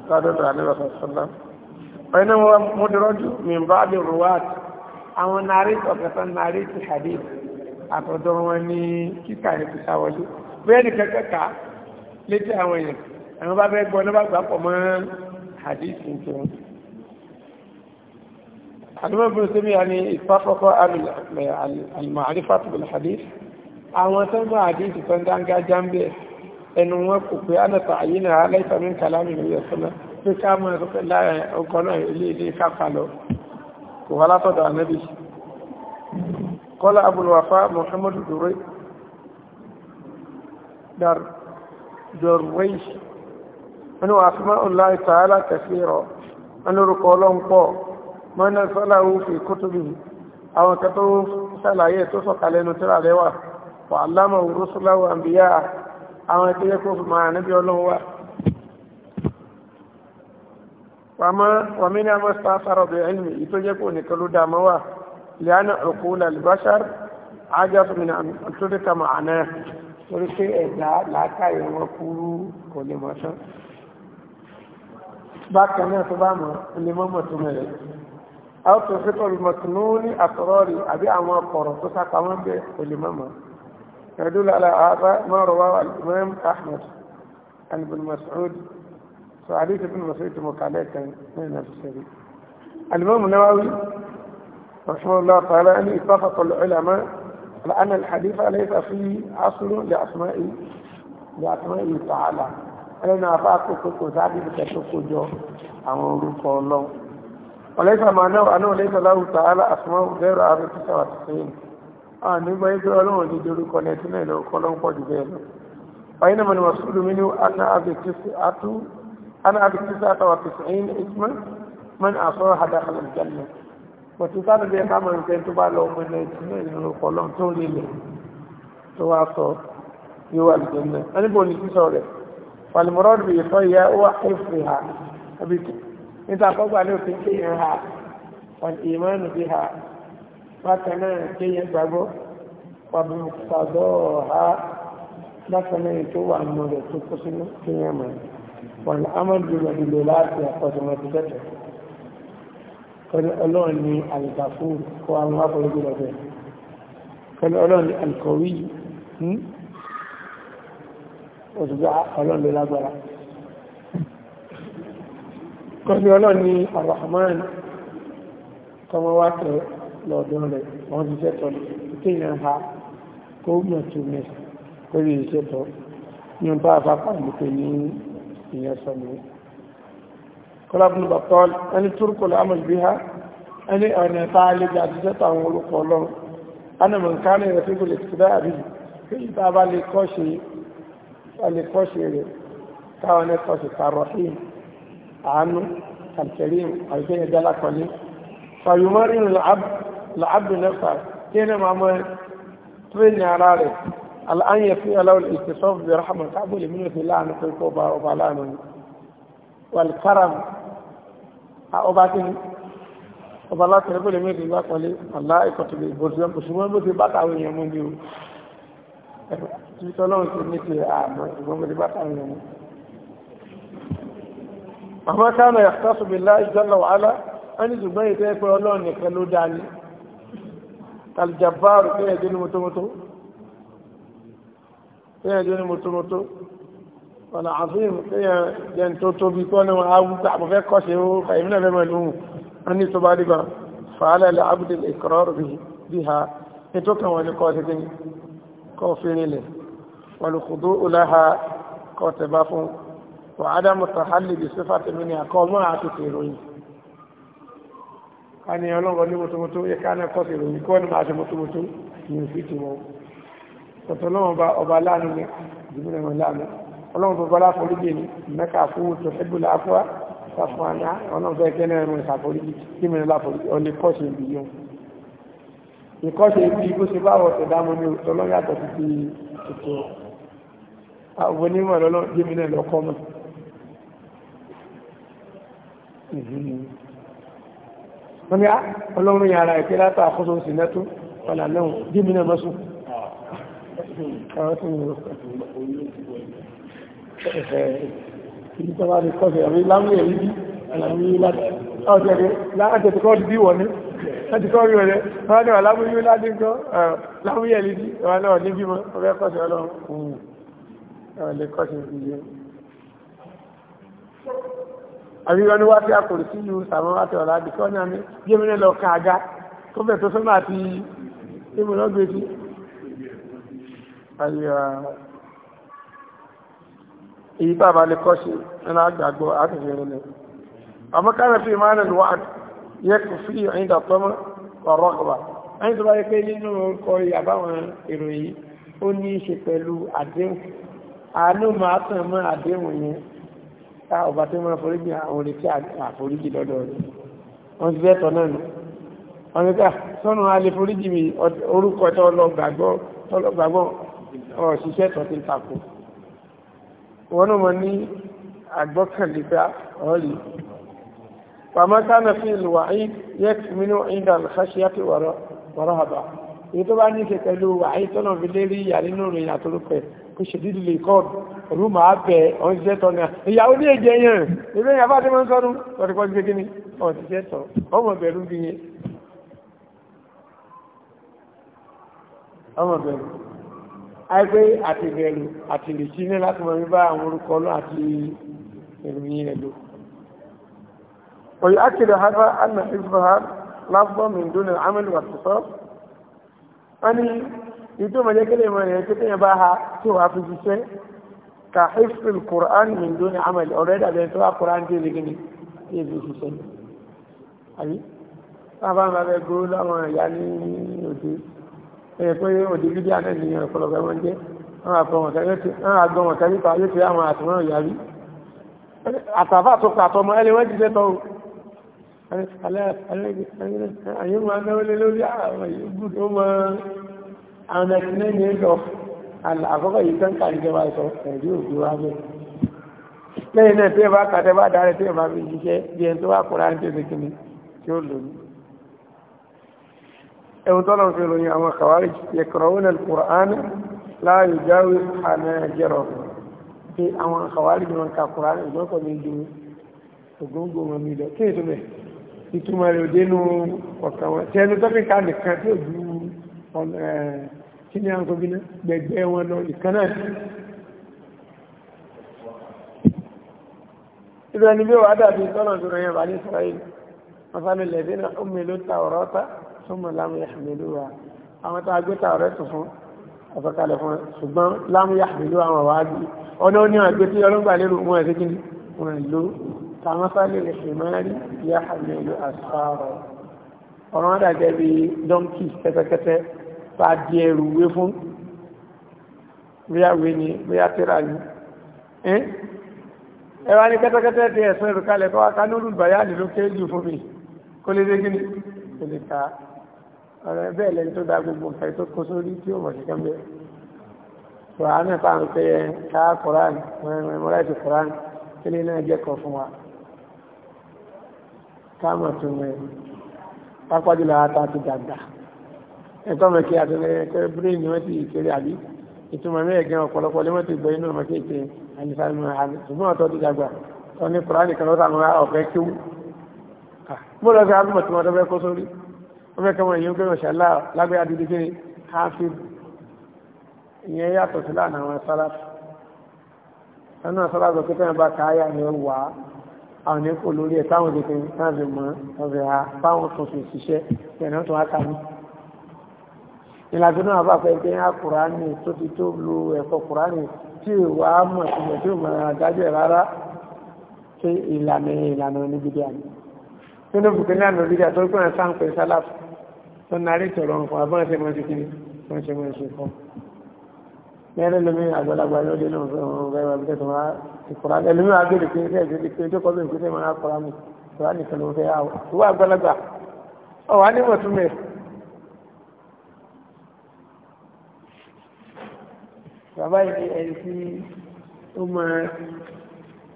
dọ́dọ̀ aláìsà sallam ọ̀yẹ́ náà wọ́n mú dọ́rọ́jù min bá àwọn narrator kẹta narrator hadith àtọ̀dọ̀ wọn ní kíkà ní fi sáwọlé bóyá nìkan kẹka létí àwọn èèyàn àwọn bá fẹ́ gbọ́ ní bá gbà pọ̀ mọ́ àdìsí tí wọn. àdúgbò bí sẹ́mi yà ní ìfáfọ́kọ́ al-ma'rifatu bil-hadith àwọn tó ń bá àdìsí tó ń dáńgá jáńbẹ́ ẹnu wọn kò pé ánàtà àyè náà laysa min kalami ìlú ẹ̀sọ́nà pé ká mọ̀ ẹ̀rọ pé láyà ọkọ̀ náà ilé ilé kápá lọ kò wá látọ̀dọ̀ ànábì قال أبو الوفاء محمد دري در دريش أنه أسماء الله تعالى كثيرة أنه رقولهم قو ما نزله في كتبه أو كتبه سلاية تسق عليه نترى ديوة وعلمه رسله وأنبياءه أو يكون مع نبي الله وما ومن ما استأثر بعلمه يتجب أن يكون لأن عقول البشر عجز من أن تدرك معناه torí pé ẹ̀dá làákàyè wọn kúrú kò lè mọ̀ tán bákan náà tó bá mọ̀ lè mọ́mọ̀ tó mẹ́rẹ̀ áwọ́tò fíkọ̀ lè mọ̀tún ní àtọ̀rọ̀ rí àbí àwọn ọkọ̀rọ̀ tó sápa wọn bẹ́ kò lè mọ̀mọ̀ ẹ̀dú lára àbá mọ́rọ̀ wá Imam Ahmad alibin Mas'ud sọ àdéhùn Mas'ud tó mọ̀ kálẹ̀ kan náà nà fi sẹ́rí alimọ́mù náwáwí رحمه الله تعالى أن اتفق العلماء على أن الحديث ليس فيه أصل لأسماء لأسماء تعالى ẹlẹ́nu afáàkókò kò sáàbí ìfẹ́ tó kójọ àwọn orúkọ ọlọ́run ọ̀lẹ́sà máa náà àná ọ̀lẹ́sà láwùtà aláàsùmọ́ bẹ́ẹ̀rọ ààrẹ títà wà tẹ́yìn àwọn nígbà ẹgbẹ́ ọlọ́run ní dorúkọ lẹ́tí náà lọ kọ́ lọ́n pọ̀ jù bẹ́ẹ̀ lọ ọ̀yẹ́ náà mọ̀ ní mọ̀sùlù mi ní ana abikisa àtàwà tẹ̀sán ìsmá mọ́n àsọ́rọ̀ hadakal aljanna pọ̀tù sáré bí ẹ̀ká mọ̀rin pé tó bá lọ ọmọ ilẹ̀ ìtúnú ìlú ọ̀pọ̀lọ́ tó lélẹ̀ tó wá sọ yóò wà lùdó náà wọ́n níbo ní sísọ rẹ̀ pàlùmọ́rọ́ bí ìfọ́ ìyá ó wà éfì ha ẹbí tó níta àkọ́gbà ní òfin kéèyàn ha wọn ìmọ̀ọ́nù bí ha bákan náà kéèyàn gbàgbọ́ pàbí sàdọ́ ha bákan náà tó wà nù rẹ̀ tó kó sínú kéèyàn mọ̀ wọn amọ̀ jùlọ ìlò láti àkọ́jọ́ kọ́ni ọlọ́run ni alìgbàfún kọ́ àwọn afọ́lójú lọ́fẹ́ kọ́ni ọlọ́run ni alìkọ̀wí hmm? òṣùgbà ọlọ́run ló lágbára kọ́ni ọlọ́run ni arahman kọ́mọ wá tẹ lọ́dún rẹ̀ wọ́n ti sẹ́tọ̀ kéèyàn ha kó mọ̀ tó mẹ́ kọlábùnú bàtọ́l ẹni túrkù lámà bí ha ẹni ọ̀nà tààlé bí àtijọ́ tàwọn orúkọ ọlọ́run anàmọ̀ nǹkan rẹ̀ fi kò lè ti dá àrí èyí tá a bá lè kọ́ṣe rẹ̀ táwọn ẹ̀ kọ́ṣe kàrọ̀hìn àánú alkarim àìsẹ́ ẹ̀dá lákọ̀ọ́lé fàyùmọ́rin làábù nẹ́fà kí ẹni máa mọ́ tírénì ara rẹ̀ al'an yẹ fi aláwọ̀ Ah, ọba kí ni ọba láti rẹ̀ pẹ̀lú méjì bá pẹ̀lú ọ̀lá ìkọ̀tùlẹ̀ ìbòsíwọ́n òṣùwọ́n bó ti báta àwọn èèyàn mú ní o tí tọ́lọ́run ti ní ti àmọ́ ìgbọ́n bó ti báta àwọn èèyàn mú àmọ́ káàmù ẹ̀kọ́sùbìlá ìjọ́lọ̀ wàhálà wọ́n ọ̀nà àfihàn kéèyàn jẹ́ tó tóbi kọ́ ní wọn áwùtà àbúfẹ́ kọ́ṣe ó fàyẹ̀mí náà fẹ́mọ̀ lóhùn wọn ní tó bá dìgbà fàálẹ̀ lẹ́ abdul ikrar bí ha ètò kan wọn ni kọ́ ti dín kọ́ fèrè lẹ̀ wàlùkùdó ọláha kọ́ tẹ̀ bá fún wà ádámù tàhálì bí ní ọlọ́run ní mọ́tòmọ́tò ní òfin tì wọ́n ọba láàánú ni ìdìbò náà ọlọ́run tó bọ́lá foríjì ní mẹ́ka fún tó fẹ́gbùlá afúwá sàfúnàná ọlọ́run tó ẹgbẹ́ náà rún ìsàforíjì tí mi nílá foríjì ọlẹ́ kọ́ṣe ibi yóò ìkọ́ṣe ibi bó ṣe báwọ̀ tó dámú ní ọlọ́run yàtọ̀ sí ti ètò àwọn onímọ̀ lọ́lọ́run jẹ́mi náà lọ́kọ́ mọ̀ wọ́n ní ah, ọlọ́run kìí sábà ní kọ́sẹ̀ àmì lámúlẹ̀ rí bí àlàmì láti ẹ̀kọ́ bí wọ́n ní láti kọ́ rí ọ̀rẹ́ wọ́n ní ọ̀lámúlẹ̀ láti kọ́ lámúlẹ̀ rí bí wọ́n náà ní bímọ ọ̀rẹ́ kọ́sẹ̀ ọlọ́run ọ̀lẹ́ kọ́sẹ̀ ìyẹn àríwá ní wá sí àkòrò sí ìlú sàmọ́ àti ọ̀rọ̀ àdìkọ́ ní àmì jẹ́mìnà lọ káàgá tó bẹ̀ tó sọ́mà àti ìmúlọ́gbẹ̀ẹ́sí àríwá èyí tàbà lè kọ́ ṣe nínú àgbàgbọ́ àtìfẹ́rin ni àmọ́ kára fi máa nínú wà yẹ kò fi ẹ̀yìn dàtọ́mọ́ ọ̀rọ̀ ọ̀gbà ẹ̀yìn tó bá yẹ pé nínú orúkọ ìyàbáwọn ìròyìn ó ní í ṣe pẹ̀lú àdéhùn àánú máa tàn mọ́ àdéhùn yẹn ká ọba tó máa foríjì àwọn olùkí àforíjì lọ́dọ̀ rẹ̀ wọ́n ti bẹ́ẹ̀ tọ́ ti ká wọn náà mọ ní àgbọ́kànlélá ọ̀rí pàmò kánà fi ìlú wà ní yẹ́kì mínú ìdá àlùfáṣíyàtì wọ̀rọ̀ àbá èyí tó bá ní ṣe pẹ̀lú àyè tọ́nà fi lérí ìyá nínú ìròyìn àtòlùpẹ̀ kò ṣe dídì lè kọ́ọ̀dù rúmà ábẹ̀ ọ̀ṣiṣẹ́ tọ́ ni ìyàwó ní èjẹ yẹn ìwé yẹn bá ti máa ń sọ́dún lọ́dún pọ́jú kíní tọ́ ọmọ bẹ̀rù bí yẹn ọmọ bẹ̀rù àìpé àti ìbẹ̀rù àti ìrètí ní láti mọ̀ ní bá àwọn orúkọ ọlọ́ àti ìròyìn ẹ̀lò òyí ákìlẹ̀ hada anna isbahar lábọ́ mi dúnà amẹ́lì wà tọ́tọ́ wọ́n ní ìjọ mọ̀lẹ́kẹ́lẹ̀ mọ̀ rẹ̀ tó tẹ́yẹ bá ha tí wàá fi ṣiṣẹ́ ka hifil quran mi dúnà amẹ́lì ọ̀rẹ́ dàbẹ̀ tó wà quran tí èlé gini tí èlé ṣiṣẹ́ àbí sábà máa bẹ gbó láwọn ìyá ní òde ẹ̀ pé òdì bídí alẹ́ ni ọ̀pọ̀lọpọ̀ ẹ̀wọ̀n jẹ́ wọ́n àgbọ̀wọ̀n kẹ́lí pa yóò fi àwọn àtúnwọ̀n yàrí àtàfà tó kà tọmọ ẹni wọ́n ti tẹ́tọ́ àyè máa náwó lé lórí ah, àwọn ẹ̀kínẹ́ ní ẹ̀dọ̀ àkọ́kọ́ yìí tán kà níjọba ìsọ ẹ̀rí òjò wa bẹ́ẹ̀ lẹ́yìn náà tí ẹ bá kàtẹ́ bá darẹ̀ tí ẹ bá fi ṣiṣẹ́ bí ẹni tó wà kọ́ra ń tẹ̀sẹ̀ kìnnì tí ó lò ní ẹ̀wọ̀n tọ́lọ̀ fi ròyìn àwọn kàwárí yaqra'una al-Qur'an la yujawizu hanajirahum pé àwọn kàwárí ni wọ́n ka Qur'an ìgbọ́n kọ́ mi ju ògóńgó wọn mi lọ kí ìtumẹ̀ ìtumọ̀ rẹ̀ òde nu ọ̀kan wọn tí ẹnu tọ́pì ká nìkan tí ò ju kí ni àwọn kòbí gbẹgbẹ́ wọn bí wàá dàbí tọ́lọ̀ tó yẹn bá ní sọ́yìn masalul ladhina ummilu tawrata súnmọ́ lámúyà àmìlúwà àwọn tó agbétà ọ̀rẹ́ tó fún ọ̀sọ̀kalẹ̀ fún ṣùgbọ́n lámúyà àmìlúwà àwọn wáájú ọ̀nà ó ní àgbé tí ọlọ́gbà lérò wọn ẹ̀sẹ̀ kí wọn lò tàmásálẹ̀ ìṣèmárì yá àmìlú àṣàrọ̀ ọ̀rọ̀ wọn dàgẹ́ bí dọ́ńkì kẹ́tẹ́kẹ́tẹ́ bá di ẹrù wé fún bóyá wé ni bóyá tẹ́ra ni ẹ wá ní kẹ́tẹ́kẹ́tẹ́ ti lè dé kí ni lè ka ọ̀rọ̀ ẹbẹ́ lẹ́ni tó dá gbogbo nǹkan tó kó sórí tí ó mọ̀ sí kan bẹ́ẹ̀ sọ àánú pa àwọn pé ká koran mẹ́mọ́ráìtì koran kí lè náà jẹ́ kọ́ fún wa ká mọ̀ tó mẹ́ pápájú lára ta ti dàgbà ẹ̀kọ́ mọ̀ kí àtúnlẹ̀ ẹ̀kọ́ bírèèn ni wọ́n ti kéré àbí ìtumọ̀ mẹ́ẹ̀gẹ́ ọ̀pọ̀lọpọ̀ lé wọ́n ti gbọ́ inú ọmọ kéèké àlìfàmì àmì ṣùgbọ́n ọ̀tọ́ ti dàgbà ọ ní koran nìkan lọ́ta àwọn ọ̀fẹ́ kíw wọ́n fẹ́ kọ́mọ ìyẹn gbẹ́rọ̀ ṣàlá lágbé adúdú kí hafi ìyẹn yàtọ̀ sí láàrín àwọn sálàfù ẹnu àsálàfù pé tẹ́wọ́n bá káyà ní wà àwọn ní kò lórí ẹ̀ táwọn òdìkẹ́ táwọn mọ̀ ọ̀fẹ́ tó fi ṣiṣẹ́ ẹ̀nà tó wá kàmú nínú bùkún náà lórí ìjà tó ń pèrè sáǹpé sálàfù tó narí tọrọ nǹkan àbọ̀n ṣe mọ́ sí kí wọ́n ṣe mọ́ sí fún. mẹ́rin lómi àgbàlagbà lóde náà fún ọmọ ọgbà ìwà bíkẹ́ tó máa ti kọ́ra ẹlòmí wa gbèrè pé ṣe ìdílé pé tó kọ́ bí nǹkan tó máa kọ́ra mi tó wà nìkan ló fẹ́ àwọ̀ tó wà àgbàlagbà ọ̀ wà nímọ̀ tún mẹ́.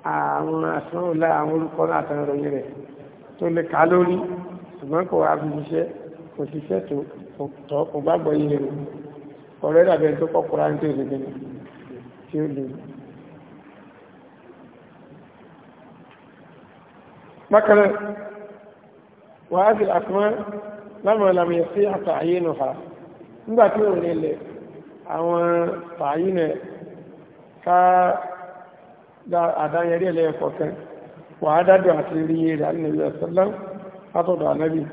àwọn àsán òlà àwọn orúkọ náà àtàwọn ìròyìn rẹ̀ tó lè ká lórí ṣùgbọ́n kò wá bí iṣẹ́ kò sì fẹ́ tó tọ́ kò bá gbọ́ iye rẹ̀ ọ̀rẹ́ dàbẹ̀ tó kọ́ kúrá ní tó lè gbẹ̀mí tí ó lè. bákan náà wàá fi àkùnmọ́ láwọn ìlànà sí àtàyé nù ha nígbà tí òun ilẹ̀ àwọn tààyè náà ká àdáyẹrí ẹlẹ́yẹ وعدد عسيري للنبي صلى الله عليه وسلم أطلع النبي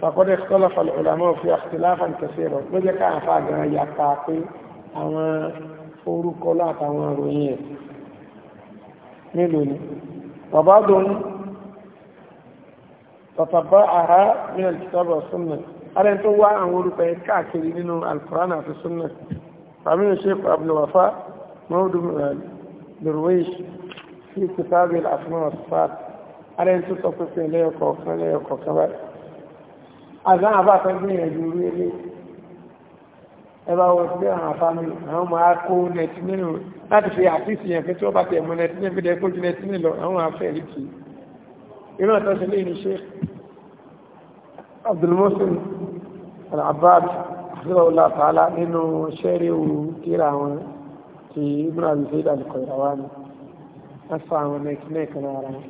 فقد اختلف العلماء في اختلافا كثيرا لذلك أفاقنا يقاقي أما فوركولات أما رؤية ملوني وبعضهم تطبعها من الكتاب والسنة أرى أنتم وعن ورقائي كاكري لنا القرآن في السنة فمن الشيخ أبن الوفاء مود درويش sí kìtàbí àfihàn ọ̀sán alẹ́ tó sọ pé lẹ́yọkọ̀ọ̀kan lẹ́yọkọ̀ọ̀kan báyìí àgbọn àbáfẹ́ gbìyànjú orí ilé ẹbá wọ́n sí àwọn àfáàmì àwọn ọmọ akó nẹ̀tí nínú láti fi àfíìsì yẹn pé tí wọ́n bá tẹ̀ mọ́ nẹ̀tí nínú ìdẹ́kó ju nẹ̀tí nínú lọ àwọn afẹ́ rí kì í irú ọ̀tọ́ sí lẹ́yìn iṣẹ́ Abdulmohsen al-Abbad àfihàn tààlà nínú ṣẹ́rí òru kíra àwọn ti Ibrahim Zayd al-Qayrawani wọ́n sọ àwọn ọmọ ìpínlẹ̀ kan lára wọn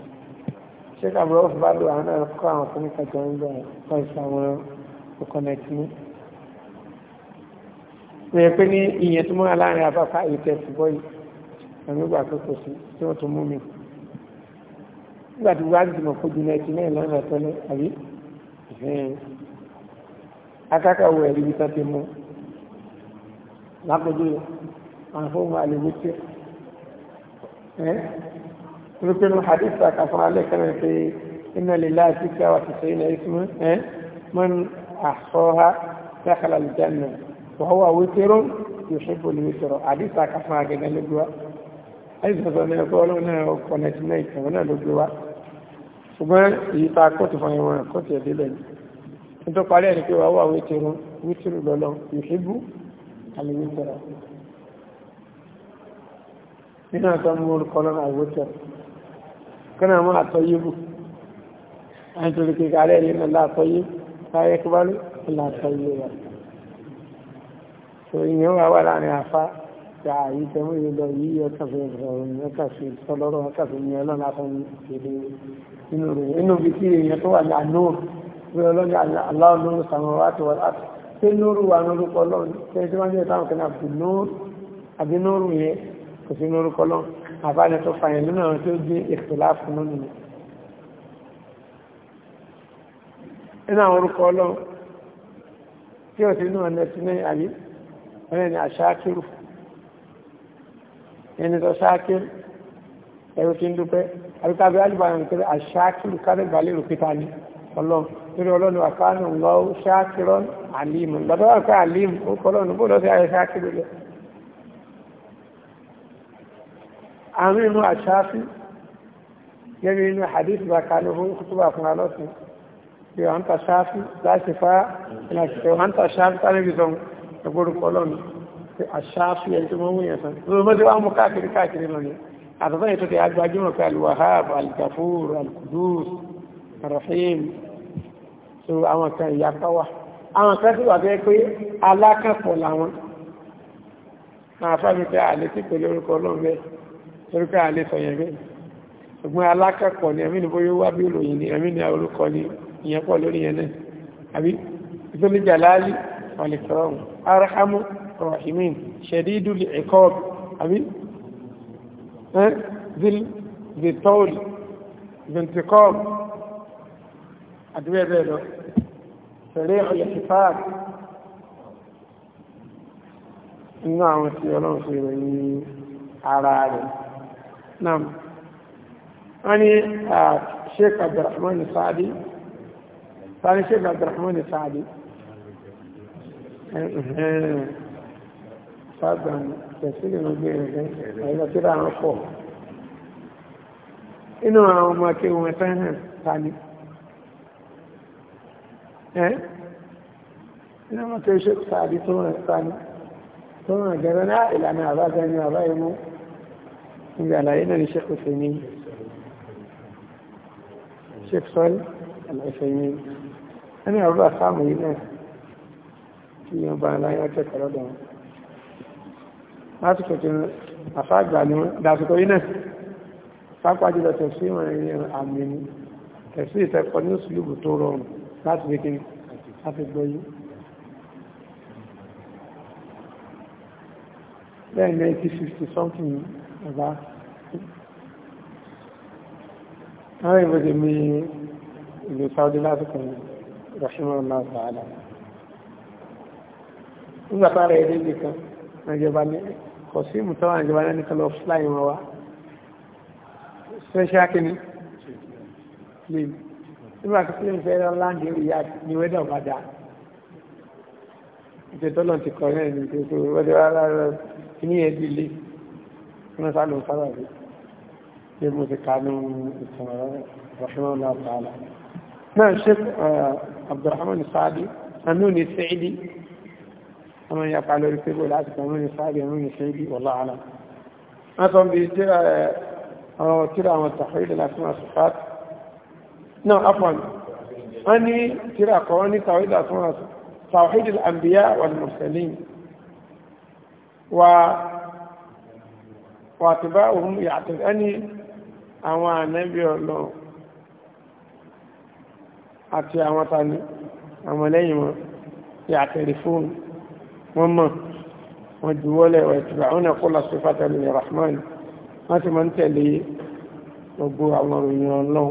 ṣé kàbúrò ọ̀fù bá lò àwọn náà kọ́ àwọn fún nípa jọ ń bọ̀ wọ́n sọ àwọn ọkọ̀nà ìpínlẹ̀. wọ́n yẹ pé ní ìyẹn tó múra láàrin afáfá ètò ẹ̀sìn bọ́ yìí àmì ìgbà tó kò sí tí wọ́n tó mú mi. nígbà tí wọ́n á dìbò fojú ní ẹtì náà lọ́nà tẹ́lẹ̀ àbí akákàwò ẹ̀rí bí tá ti mú lápẹ́jọ́ àwọn fóònù àlè rukun hadith aka fún alẹ́ kan rẹ̀ pé inna lillahi títí àwọn ti sẹ́yìn náà ismu eh? man ahsaha dakhala aljanna wa huwa witrun yuhibbu alwitr hadith aka fún agẹ́gẹ́ lójú wa àìsànsọ ní ẹgbẹ́ ọlọ́run náà ọkọ̀ 99 kan náà lójú wa ṣùgbọ́n èyí ta kóòtù fún ẹ̀wọ̀n kóòtù ẹ̀dẹ́lẹ̀ yìí nítorí parí ẹ̀ ní pé wà wà wítìrú wítìrú lọ́lọ́ yuhibbu alwitr nínú àtọ́ mú orúkọ lọ́nà àwòtẹ́ kọ́nà mọ́ àtọ́yébù àìtòrí kékeré rẹ̀ nínú àtọ́yé láyé kúbálú nínú àtọ́yé rẹ̀ so ìyẹn wà wà láàrin afá ya àyí tẹ́mú yìí lọ yìí ọkàfẹ́ ìrọ̀rùn ọkàfẹ́ ìtọ́lọ́rọ̀ ọkàfẹ́ ìyẹn lọ́nà àtọ́yé kéde inú rẹ̀ inú bí kí èèyàn tó wà ní àánú bí ọlọ́ni aláwọ̀lọ́rùn sàmọ̀wá tó wà láti tẹ́ lóru wà lórúkọ lọ́rùn tẹ́ kò sí lórúkọ lọ àbáni tó fàyàn nínú àwọn tó gbé ìtìláàfù mọ́ nínú nínú àwọn orúkọ ọlọ́run tí ò sí nínú ọ̀nà tí ní ayé wọ́n ní àṣákìrù ẹni tó ṣákìrù ẹ̀rù tí ń dúpẹ́ àríkàbí alìbàyàn pé àṣákìrù kárẹ̀gbà lérò pípa ni ọlọ́run torí ọlọ́run àkánù lọ ṣákìrọ̀ àlìmù lọ́dọ́ àmì inú àṣáfí gẹ́gẹ́ inú hadith bàkà ní fún kútùbà fún alọ́sìn bí wọ́n ta ṣáfí láti fa ìlàṣẹ́ wọ́n ta ṣáfí tánàbí sọ ẹgbórúkọ lọ́nà pé àṣáfí ẹni tí wọ́n múyẹ̀ sàn lórí mọ́ sí wọ́n mú káàkiri káàkiri lọ́nà àtàtàn ètò ti agbájúmọ̀ pé alwahab àwọn kan ìyapa wà àwọn kan sì wà bẹ́ẹ̀ pé àlè sí pẹ̀lú orúkọ ọlọ́run bẹ́ẹ̀ torí pé àlè sọ̀yẹ̀ bẹ́ẹ̀ ṣùgbọ́n alákẹ́kọ̀ọ́ ni ẹ̀mí ni bóyá wá bí olóyìn ni ẹ̀mí ni olùkọ́ ni ìyẹn pọ̀ lórí yẹn náà àbí ìtòlí jàlálì ọ̀lẹ̀kọ̀ọ́hùn arahamu rahimin ṣẹ̀dídù ẹ̀kọ́ àbí ziltọ́ọ̀lì zintikọ́m àdúgbẹ́ bẹ́ẹ̀ lọ sẹ̀rẹ̀ inú àwọn tí ọlọ́run fi rẹ̀ ní ara rẹ̀ نعم أنا الشيخ آه، عبد الرحمن السعدي أنا شيخ عبد الرحمن السعدي صعب أن تسلم بينك إذا ترى أخوه إنه ما كيف مثلا ثاني إيه إنه ما كيف شيخ سعدي ثم ثاني ثم جرنا إلى أن أبا ثاني أبا يموت níbi àlàyé náà ni sheikh hussein sheikh sol al-hussein ẹni àbúrò àsáàmù yìí náà tí yẹn bá aláyé ọjọ́ kọlọ́dọ̀ wọn láti kòtò àfáàgbà ni wọn dàsìkò yìí náà pápá jùlọ tẹ̀sí wọn ẹ̀yìn àmì ni tẹ̀sí ìtẹ́kọ̀ ní òṣìlúbù tó rọrùn láti fi kí láti gbọ́ yìí bẹ́ẹ̀ ní 1850 something ẹ̀bá àwọn ìbò ti mi ìlú Saudi lásìkò rọ̀ṣímọ̀ náà sàádà nígbà tá rẹ̀ èdè ìgbè kan nàìjọba ní kò sí ìmùtọ́wà nàìjọba ní kan lọ fúláì wọn wá special kini plane nígbà tí plane fẹ́ rán láǹdì Riyadh ní wẹ́dà padà ìtẹ́tọ́lọ̀ ti kọ́ náà ونسأله الثواب للمتك عنهم الثواب رحمه الله تعالى نعم الشيخ آه، عبد الرحمن السعدي أنوني السعدي ومن يفعل ويكتب العسل أنوني السعدي أنوني السعدي والله أعلم أصلا بيجترى آه، أو ترى عن التحويل الأسماء الصفات نعم عفوا أني ترى قواني توحيد الأسماء توحيد الأنبياء والمرسلين و wàtúbá òun yàtọ̀ ẹni àwọn ànábì ọlọ́run àti àwọn tani àwọn lẹ́yìn wọn yàtọ̀ rí fóònù wọ́n mọ̀ wọ́n juwọ́lẹ̀ wàtúbá òun náà kó lọ sí fatah lórí rahman wọ́n ti máa ń tẹ̀lé gbogbo àwọn òyìn ọlọ́run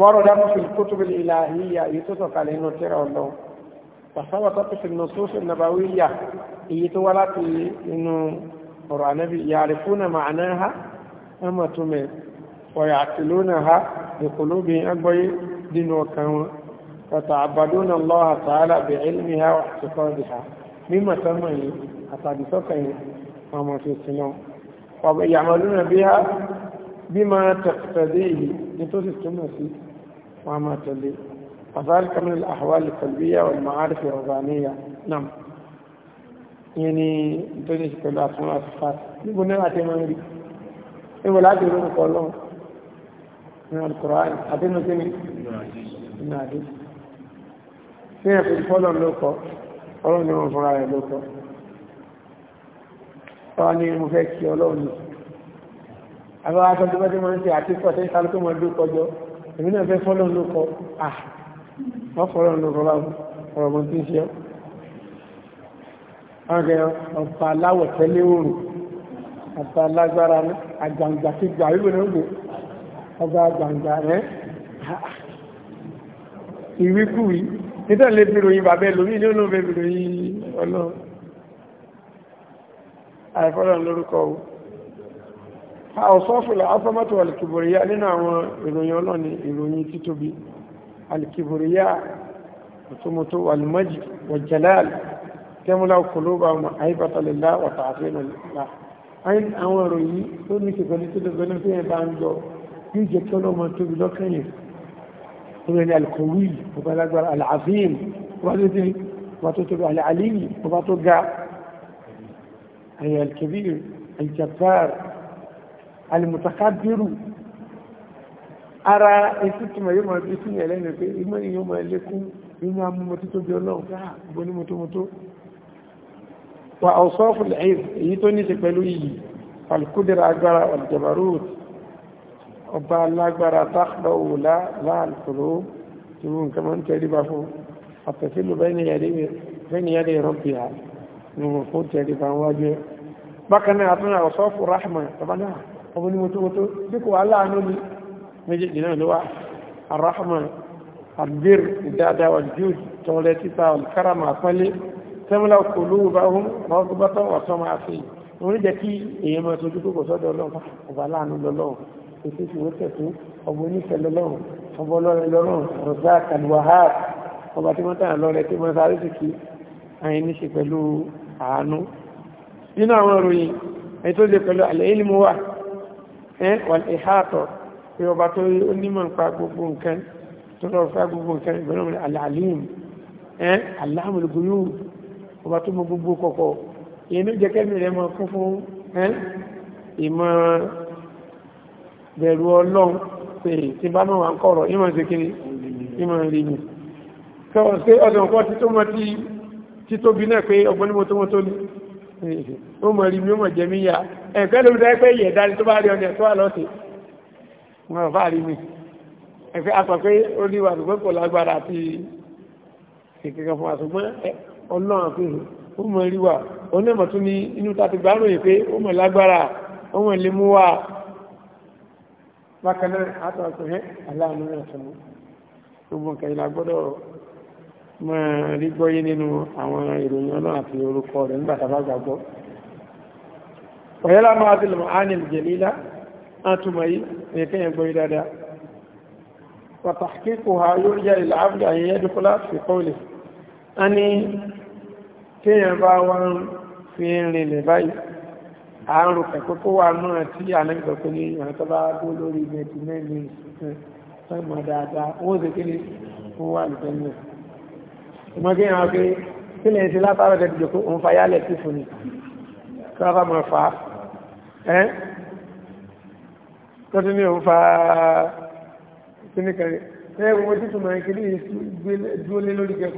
wọ́rọ̀ dámọ́ fi kútùbù ìlàhíyà èyí tó sọ̀kalẹ̀ inú tírà ọlọ́run pàṣáwọ̀ tó fi nù sófin nàbàwíyà èyí tó wá láti inú قرآنه يعرفون معناها أما تمين ويعقلونها بقلوبهم أبي دين وكهو وتعبدون الله تعالى بعلمها واحتفاظها مما تمين أتعبثوكين وما في السنو ويعملون بها بما تقتديه نتوس السنوسي وما تلي وذلك من الأحوال القلبية والمعارف الرضانية نعم ìyẹn ni tó ní ṣùpẹ̀lú àfihàn àfífà níbo náà àti máa ń rí níbo láti rí orúkọ ọlọ́run ní alukọ̀rọ̀ánì àti inú kí ni inú àdé sí ẹ̀fẹ́ ìfọ́lọ̀ lóko ọlọ́run ni wọ́n fúnra ni mo fẹ́ kí ọlọ́run ni àbá aṣọ tó bẹ́ẹ̀ máa ń ṣe àti pọ̀ tẹ́ńtà lóko máa dúró kọjọ èmi náà fẹ́ ọrẹ ọba aláwọ̀ tẹ́lẹ̀ òòrùn ọba alágbára àgbàǹgbà ti gbà wíwò náà wò ọba àgbàǹgbà rẹ ìwíkúwí nítorí lè fi ròyìn bàbá ẹlòmí ní olóògbé fi ròyìn ọlọ́run àìfọ́lọ́run lórúkọ o àwọ̀sọ́fùlà afọ́mọ́tò alìkìbòrìyà nínú àwọn ìròyìn ọlọ́ni ìròyìn títóbi alìkìbòrìyà òtòmọ́tò alìmọ́jì wọ̀jẹ̀láàlì sẹ́múláwò kòlóbà ọmọ àyíbátàlélá ọ̀tà àti ìrìnlá àwọn ọ̀rọ̀ yìí tó ní ṣe pẹ̀lú tó lọ́gbẹ́ni tó yẹn bá ń jọ yóò jẹ́ kí ọlọ́mọ tóbi lọ́kẹ́yìn ọ̀rẹ́ ni alkọ̀wí ọba lágbára alàfíìm ọba tó ti ọba tó tóbi alàlíyì ọba tó ga àyẹ̀ alkebir aljabar alimutakabiru ara etí tí ma yóò máa bí sí ẹlẹ́nu pé ìmọ̀ ìyóò máa lékún amúmọ́tótó bí ọlọ́run fẹ́ ní mọ́tómọ́tó wa awsafu al-'izz èyí tó ní ṣe pẹ̀lú iyì alkudira agbára aljabarut ọba alágbára tákbà òwúlá láàlùkòrò tí wọ́n nǹkan mọ́ ń tẹ́rí bá fún àtẹ̀sílù bẹ́ni yàrí rọ́bì à ní wọ́n fún tẹ́rí bá wájú ẹ bákan náà àtúnà ọ̀sọ́fù rahma tàbánà ọmọ ní mọ́tòmọ́tò tẹ́mílà kòló bá hún ọdún bá tán wọ́n sọmọ àfihàn òun jẹ́ kí èèyàn máa sojú kókò sọ́dọ̀ ọlọ́run ọba láàánú lọ́lọ́run ètò ìṣòro tẹ̀tún ọba onífẹ̀ lọ́lọ́run ọba ọlọ́run lọ́rùn ọ̀zá kàlùwàháp ọba tí wọ́n tàn lọ́rẹ̀ tí wọ́n sáré sìkì àyìn ní ṣe pẹ̀lú àánú nínú àwọn ìròyìn èyí tó lè pẹ̀lú àlẹ́ ìlú wà ẹ́ wàlẹ̀ ìhàtọ̀ ọba tó mọ gbogbo kọ̀kọ̀ ìyẹn ló jẹ́ kẹ́mi rẹ̀ mọ fún fún ìmọ̀ bẹ̀rù ọlọ́run pé tí bá mọ̀ wà ń kọ̀rọ̀ ìmọ̀ ṣe kiri ìmọ̀ rí mi sọ pé ọ̀dọ̀ nǹkan ti tó mọ ti tóbi náà pé ọgbọ́n ní mo tó ní ó mọ̀ rí mi ó mọ̀ jẹ́ mi yá ẹ̀kẹ́ ló dáa pé ìyẹ̀dá ni tó bá rí ọ̀nà tó wà lọ́sẹ̀ wọn bá rí mi ẹ̀fẹ́ apọ̀ pé ó ní wà lùgbọ́n kò lágbára àti ìkẹ́kẹ́ fún wa ọlọ́run àfihàn ó mọ̀ rí wà onímọ̀ tún ní inú tàbí gbárùn-ún pé ó mọ̀ lágbára ó mọ̀ lè mú wà bákan náà àtàkùn ẹ́ aláàánú náà tún mú gbogbo nǹkan ìlà gbọ́dọ̀ máa rí gbọ́yé nínú àwọn ìròyìn ọlọ́run àti orúkọ rẹ̀ nígbà tàbá gbàgbọ́ ọ̀yẹ́lá máa ti lọ́mọ ánìl jẹ̀lílá àtúmọ̀ yìí ẹ̀kẹ́yẹ̀ gbọ́yé dáadáa wàtàkì kò ha yóò jẹ́ ìlà yẹ́ dúkọ́lá téèyàn bá wọ́n fi rìnlẹ̀ báyìí àárùn pẹ̀kọ́ tó wà náà tí ànẹ́gbẹ̀ pé ní àwọn tó bá dó lórí mẹ́tì mẹ́rin sọ́mọ̀ dáadáa owó sì kí ni ó wà nìkan náà ìmọ̀ kí àwọn pé kí lè ṣe látara tẹ̀ dìjọ pé òun fa yálẹ̀ sí fún ni kí wọ́n bá mọ̀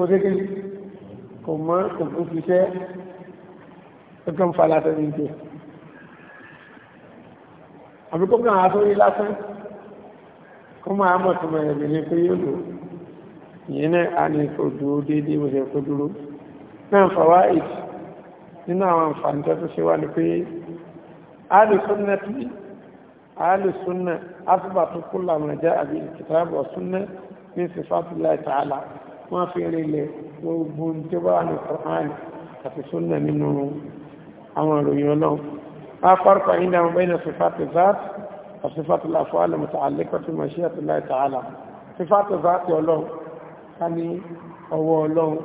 fà kò mọ́ kò tó fi ṣẹ́ kankan falasẹ́ ní ìjẹ́ àbí kó kàn á sórí lásán kó máa mọ̀ tó máa ẹ̀mí ní pé yóò lò ìyẹn náà á ní kó dúró déédéé mo ṣe kó dúró náà fàwa èjì nínú àwọn àǹfààní tó tó ṣe wá ni pé alùsùnà tí alùsùnà asùbà tó kú làwọn ẹja àbí ìkìtàbọ̀ súnà ní sífàtúlá ìtàlá wọ́n fi rí ilẹ̀ gbogbo tí ó bá wà ní Quran àti súnà nínú àwọn ìròyìn ọlọ́run a fárúkọ yìí dáhùn bẹ́ẹ̀ ní sífàtì zat àsífàtì láfọ́ alẹ́mọ̀tà alẹ́kọ̀tì mọ̀ṣí àti láìta àlà sífàtì zat ọlọ́run ká ní ọwọ́ ọlọ́run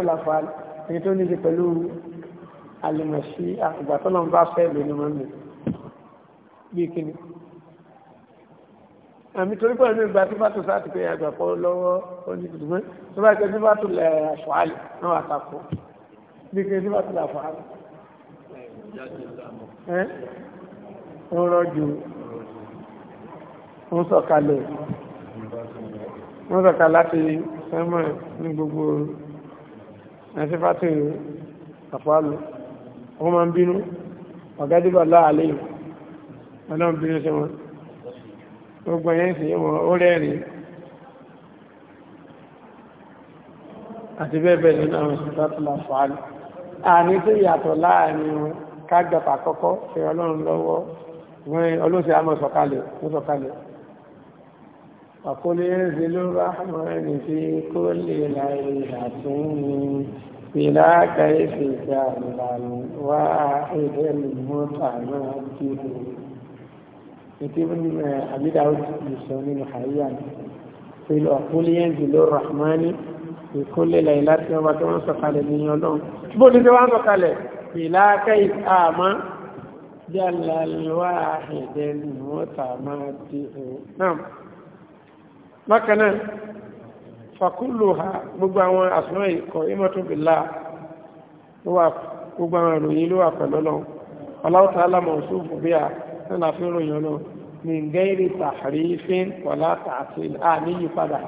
ojú èyí tó ní ṣe pẹ̀lú alìmọ̀sí àgbà tó lọ́n bá fẹ́ lónìí mọ́ mi bí kíni àmì torí pẹ̀lú ìgbà tó bá tó sáà ti pé àgbà pọ̀ lọ́wọ́ oní ìdùnnú tó bá jẹ́ tó bá tó lẹ̀ àfọ̀hálì náà wà tako bí kíni tó bá tó lẹ̀ àfọ̀hálì. ń rọ́jò láti sẹ́mọ̀ ní gbogbo ẹ̀sí fàtí àfààlù wọ́n máa ń bínú ọ̀gádìbà láàlẹ́ yìí wọ́n náà ń bínú sí wọn gbogbo ẹ̀yẹ́ sì yẹ́ wọn ó rẹ́rìn àti bẹ́ẹ̀ bẹ́ẹ̀ nínú àwọn ẹ̀sí fàtí àfààlù àní tó yàtọ̀ láàrin وقل انزل الرحمن في كل ليلة بلا كيف جعلا واحد متمكن ابن أبي داود يسمي محيان في الأقول ينزل الرحمن في كل ليلة وما سقال من يوم بودي دوان سقال بلا كيف آما جل الواحد المتمكن نعم makana Fakulu ha gbogbo àwọn àsùnmọ́ ìkọ̀ ìmọ̀tòbìlá gbogbo àwọn ìròyìn ló wà aláwọ̀ta alámọ̀ fòbíà nínú àfihàn ìròyìn ọlọ́run ní gẹ́rì tàrífín wọ̀lá tààtì àníyí padà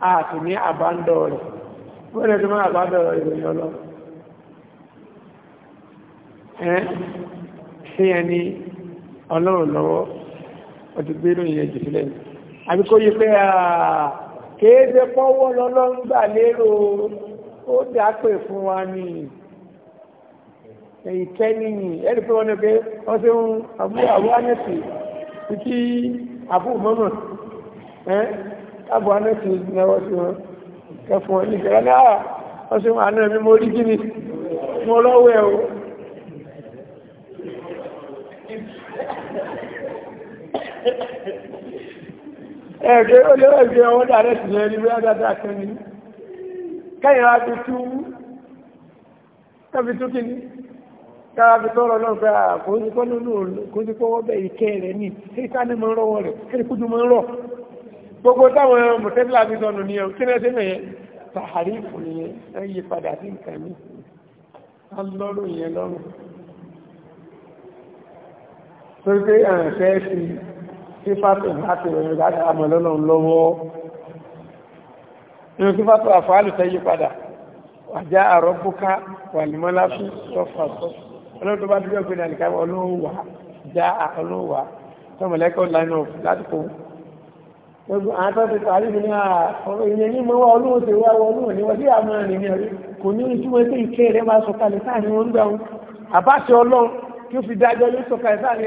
àti ní àbándọ̀ rẹ̀ àbí kó yí pé kéèdè pọ́wọ́ lọ́lọ́ngbà lérò ó dápè fún wa ní ìtẹ́nìyìn ẹ̀rí pé wọ́n ní pé wọ́n ṣe ń àbúrò àbúrò ánẹ́sì títí àbúrò mọ́mọ́ ẹ́ àbúrò ánẹ́sì náwọ́ sí wọn kẹfún wọn ní ìjọba náà wọ́n ṣe ń àná mi mo rí gíní mo lọ́wọ́ ẹ̀ o Thank you ẹ̀ẹ́dẹ́ ó lé ẹ̀ẹ́dẹ́ ọwọ́ dàrẹ́ sí lẹ́rí bí ádádá kan ní kẹ́yìn á fi tú káfi tú kí ni kára fi tọ́rọ náà pé àkóńtíkọ́ nínú kóńtíkọ́wọ́ bẹ̀ ìkẹ́ rẹ̀ ní kíríkà ní mọ́ rọ́wọ́ rẹ̀ kíríkù ní mọ́ rọ̀ gbogbo táwọn mọ̀tẹ́lá fi sọnù ní ẹ̀ kí náà sí mẹ́yẹn tàhárí fún yẹn ẹ̀ yí padà sí nǹkan mi alọ́rùn yẹn lọ́rùn. pé pé àǹfẹ́ fi sífàtò láti rẹ̀ láti àmọ̀lọ́nà lọ́wọ́ inú sífàtò àfáàlù tẹ́yí padà wàjá àrọ́bùká wà ní mọ́láfí sọ́fàtọ́ ọlọ́run tó bá dúró pé ní àlìkáwọ́ ọlọ́run wà já ọlọ́run wà tọmọlẹ́kọ̀ọ́ line up láti kó gbogbo àwọn tó ti parí ní àwọn ìyẹn ní mọ́wọ́ ọlọ́run ti wá ọlọ́run ní wọ́n sí àmọ́ rìn ní ọ̀rẹ́ kò ní ìtumọ̀ pé ìkẹ́ rẹ̀ máa sọ̀kalẹ̀ sáà ní wọ́n ń gbà wọn àbáṣe ọlọ́run fi dájọ́ yóò sọ̀kalẹ̀ sáà ní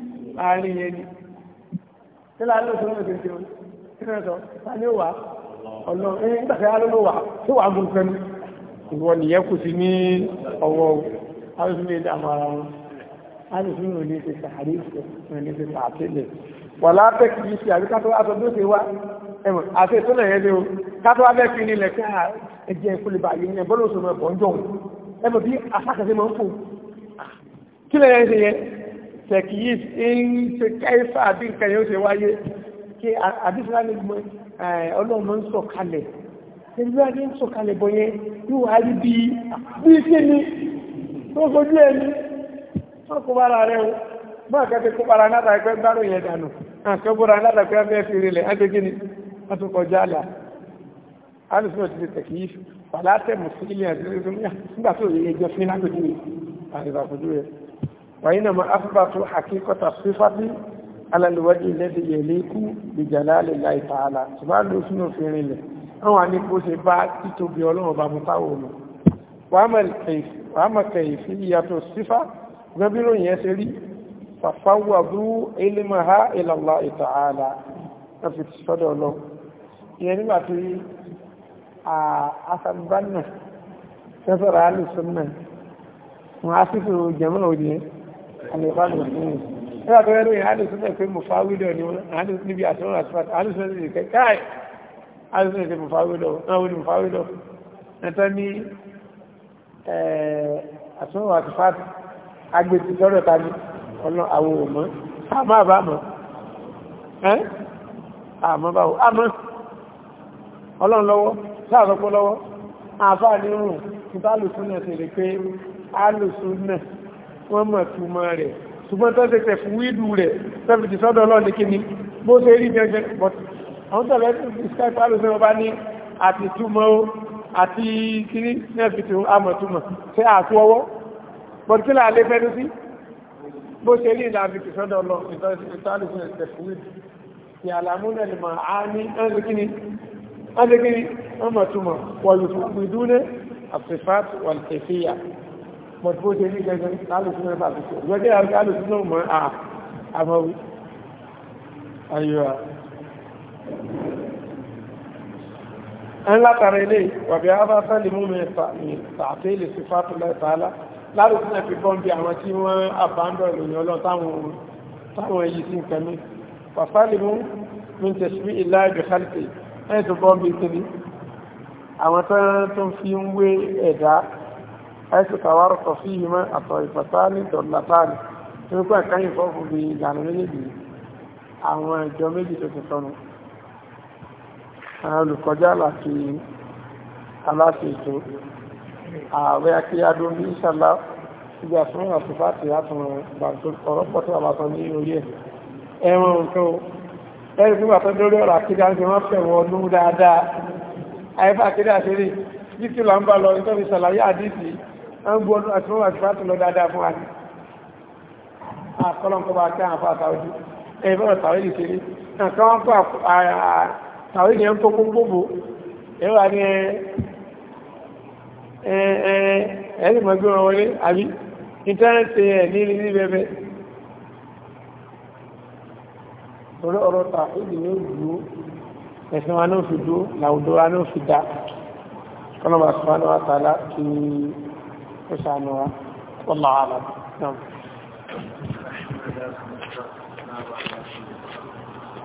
àárín yẹn ni tí láàrín òṣèlú ọ̀sẹ̀ tí ó kí sọ ta ni ó wà ọ̀nà ẹni nígbà tí a ló wà tó wà gùn pẹ̀lú ìwọ nìyẹn kù sí ní ọwọ́ alùsùn lè dààmú ara wọn alùsùn lè ní ṣe sàárè ìṣẹ́ ní ṣe sàátẹ́lẹ̀ wà lápẹ́ kì í ṣe àbí ká tó wá sọ bí ó ṣe wá ẹ̀mọ̀ àti ètò náà yẹn lé o ká tó wá bẹ́ẹ̀ fi tẹ̀kíyìs ń ṣe kẹfà àbí nǹkan yóò ṣe wáyé kí àdísíláàmì gbọ́ ọlọ́mọ ń sọ̀kalẹ̀ ẹgbẹ́ adé ń sọ̀kalẹ̀ bọ̀ yẹn yóò wá rí bí bí kí ni tó fojú ẹni tó kó bára rẹ o báà kẹ́tẹ́ kó bára náà ẹgbẹ́ gbárò yẹn dànù àkẹ́ bóra náà ẹgbẹ́ fẹ́ fi rilẹ̀ á ti kí ni wọ́n tó kọjá àlà alùsùn ti tẹ̀kíyìs pàlátẹ̀ mùsùlùmí àti nígbà tó yẹ ẹjọ́ fún iná وإنما أثبتوا حقيقة الصفة على الوجه الذي يليق بجلال الله تعالى سبحانه وتعالى في رله أو أن يكون سبعة تتوبي الله بمطاوله وأما الكيف وأما كيفية الصفة نبيل يسري ففوضوا علمها إلى الله تعالى نفي تصدر الله يعني ما في أسنبنا كثر أهل السنة معاصف الجماعة وديه àlèkọ́nù nínú nígbà tó rẹ́nu ìhádùn súnmọ̀ pé mo fa wílọ̀ ni wọn àádùn sí níbi àtúnwò àti pàtàkì àádùn súnmọ̀ sí ìkẹ́ káì àádùn súnmọ̀ sí mo fa wílọ̀ náà wọ́n ni mo fa wílọ̀ nítọ́ ní àtúnwò àti pàtàkì agbègbè sọ́dọ̀ tani ọ̀nà àwọn òmọ́ àmọ́ àbámọ́ ẹ́ àmọ́ báwo àmọ́ ọlọ́run lọ́wọ́ sáàsọ́pọ̀ lọ́wọ́ àfáà ní rùn ìbálòsúnà sí rẹ̀ pé alòsúnà wọ́n mọ̀ túmọ̀ rẹ̀ ṣùgbọ́n tó tẹ̀tẹ̀ fún wíìdù rẹ̀ tẹ́fìtì sọ́dọ̀ lọ ní kíní bó ṣe rí gẹ́gẹ́ but àwọn tọ̀lẹ́ skype alùsẹ́ wọn bá ní àti túmọ̀ ó àti kíní nẹ́fìtì amọ̀túmọ̀ ṣe àtú ọwọ́ but kí là lè fẹ́nu sí bó ṣe rí ìlàfìtì sọ́dọ̀ lọ ìtọ́lùsẹ́ tẹ̀ fún wíìdù ti àlàmúnà lè máa ní ọ́n bọ̀tí bó ṣe ní gẹ́gẹ́ alùsùn mẹ́fà tó ṣe gbẹ́gẹ́ àti alùsùn náà mọ́ àmọ́wí ayúwa ẹn látara ilé wàbí àbá sálì mú mi fàtẹ́ lè sí fàtúlá ìtàlá lálùsùn náà fi bọ́n bí àwọn tí wọ́n àbándọ̀ ìròyìn ọlọ́run táwọn èyí sí nǹkan mi fàtàlì mú mi tẹ̀sí ìlà ìjọ sálì ẹn tó bọ́n bí kiri àwọn tó ń fi ń wé ẹ̀dá حيث توارث فيهما الطائفتان دولتان nípa ẹ̀kan yìí fọ́fún bí ìlànà méjèèjì àwọn ìjọ méjì tó ti sọnù àwọn olùkọjá láti aláṣẹ ètò ààrẹ akíyádó ní ìṣàlá ìgbà fún àtúfàtì àtùnrùn gbàgbé ọ̀rọ̀pọ̀ tó àbàtọ̀ ní orí ẹ̀ ẹ̀rùn nǹkan o ẹ̀rùn fún àtọ́ lórí ọ̀rọ̀ akídá ń fi wọ́n fẹ̀wọ̀n ọdún dáadáa àyẹ́fà akídá ṣeré yìí tí là ń bá lọ nítorí ṣàlàyé àdìsí ń bu ọdún àti wọ́n àti fàtún lọ dáadáa fún àti àkọlọ́nkọba kí àwọn afá tàwídì ẹ̀yìn fọ́nà tàwídì kiri nǹkan wọ́n kọ́ tàwídì ẹ̀ ń kókó gbogbo ẹ̀rọ àti ẹ̀ẹ́dì mọ̀ gbé wọn wọlé àbí íńtánẹ́ẹ̀tì ẹ̀ ní ilé bẹ́ẹ̀ torí ọ̀rọ̀ tàwídì ní òdùdó ẹ̀sìn wa ní òfìdó làwùjọ wa ní òfìdá kọ́nà bàtúwánà wà tààlà kó sànù wa wọ́n lọ́wọ́ àlọ́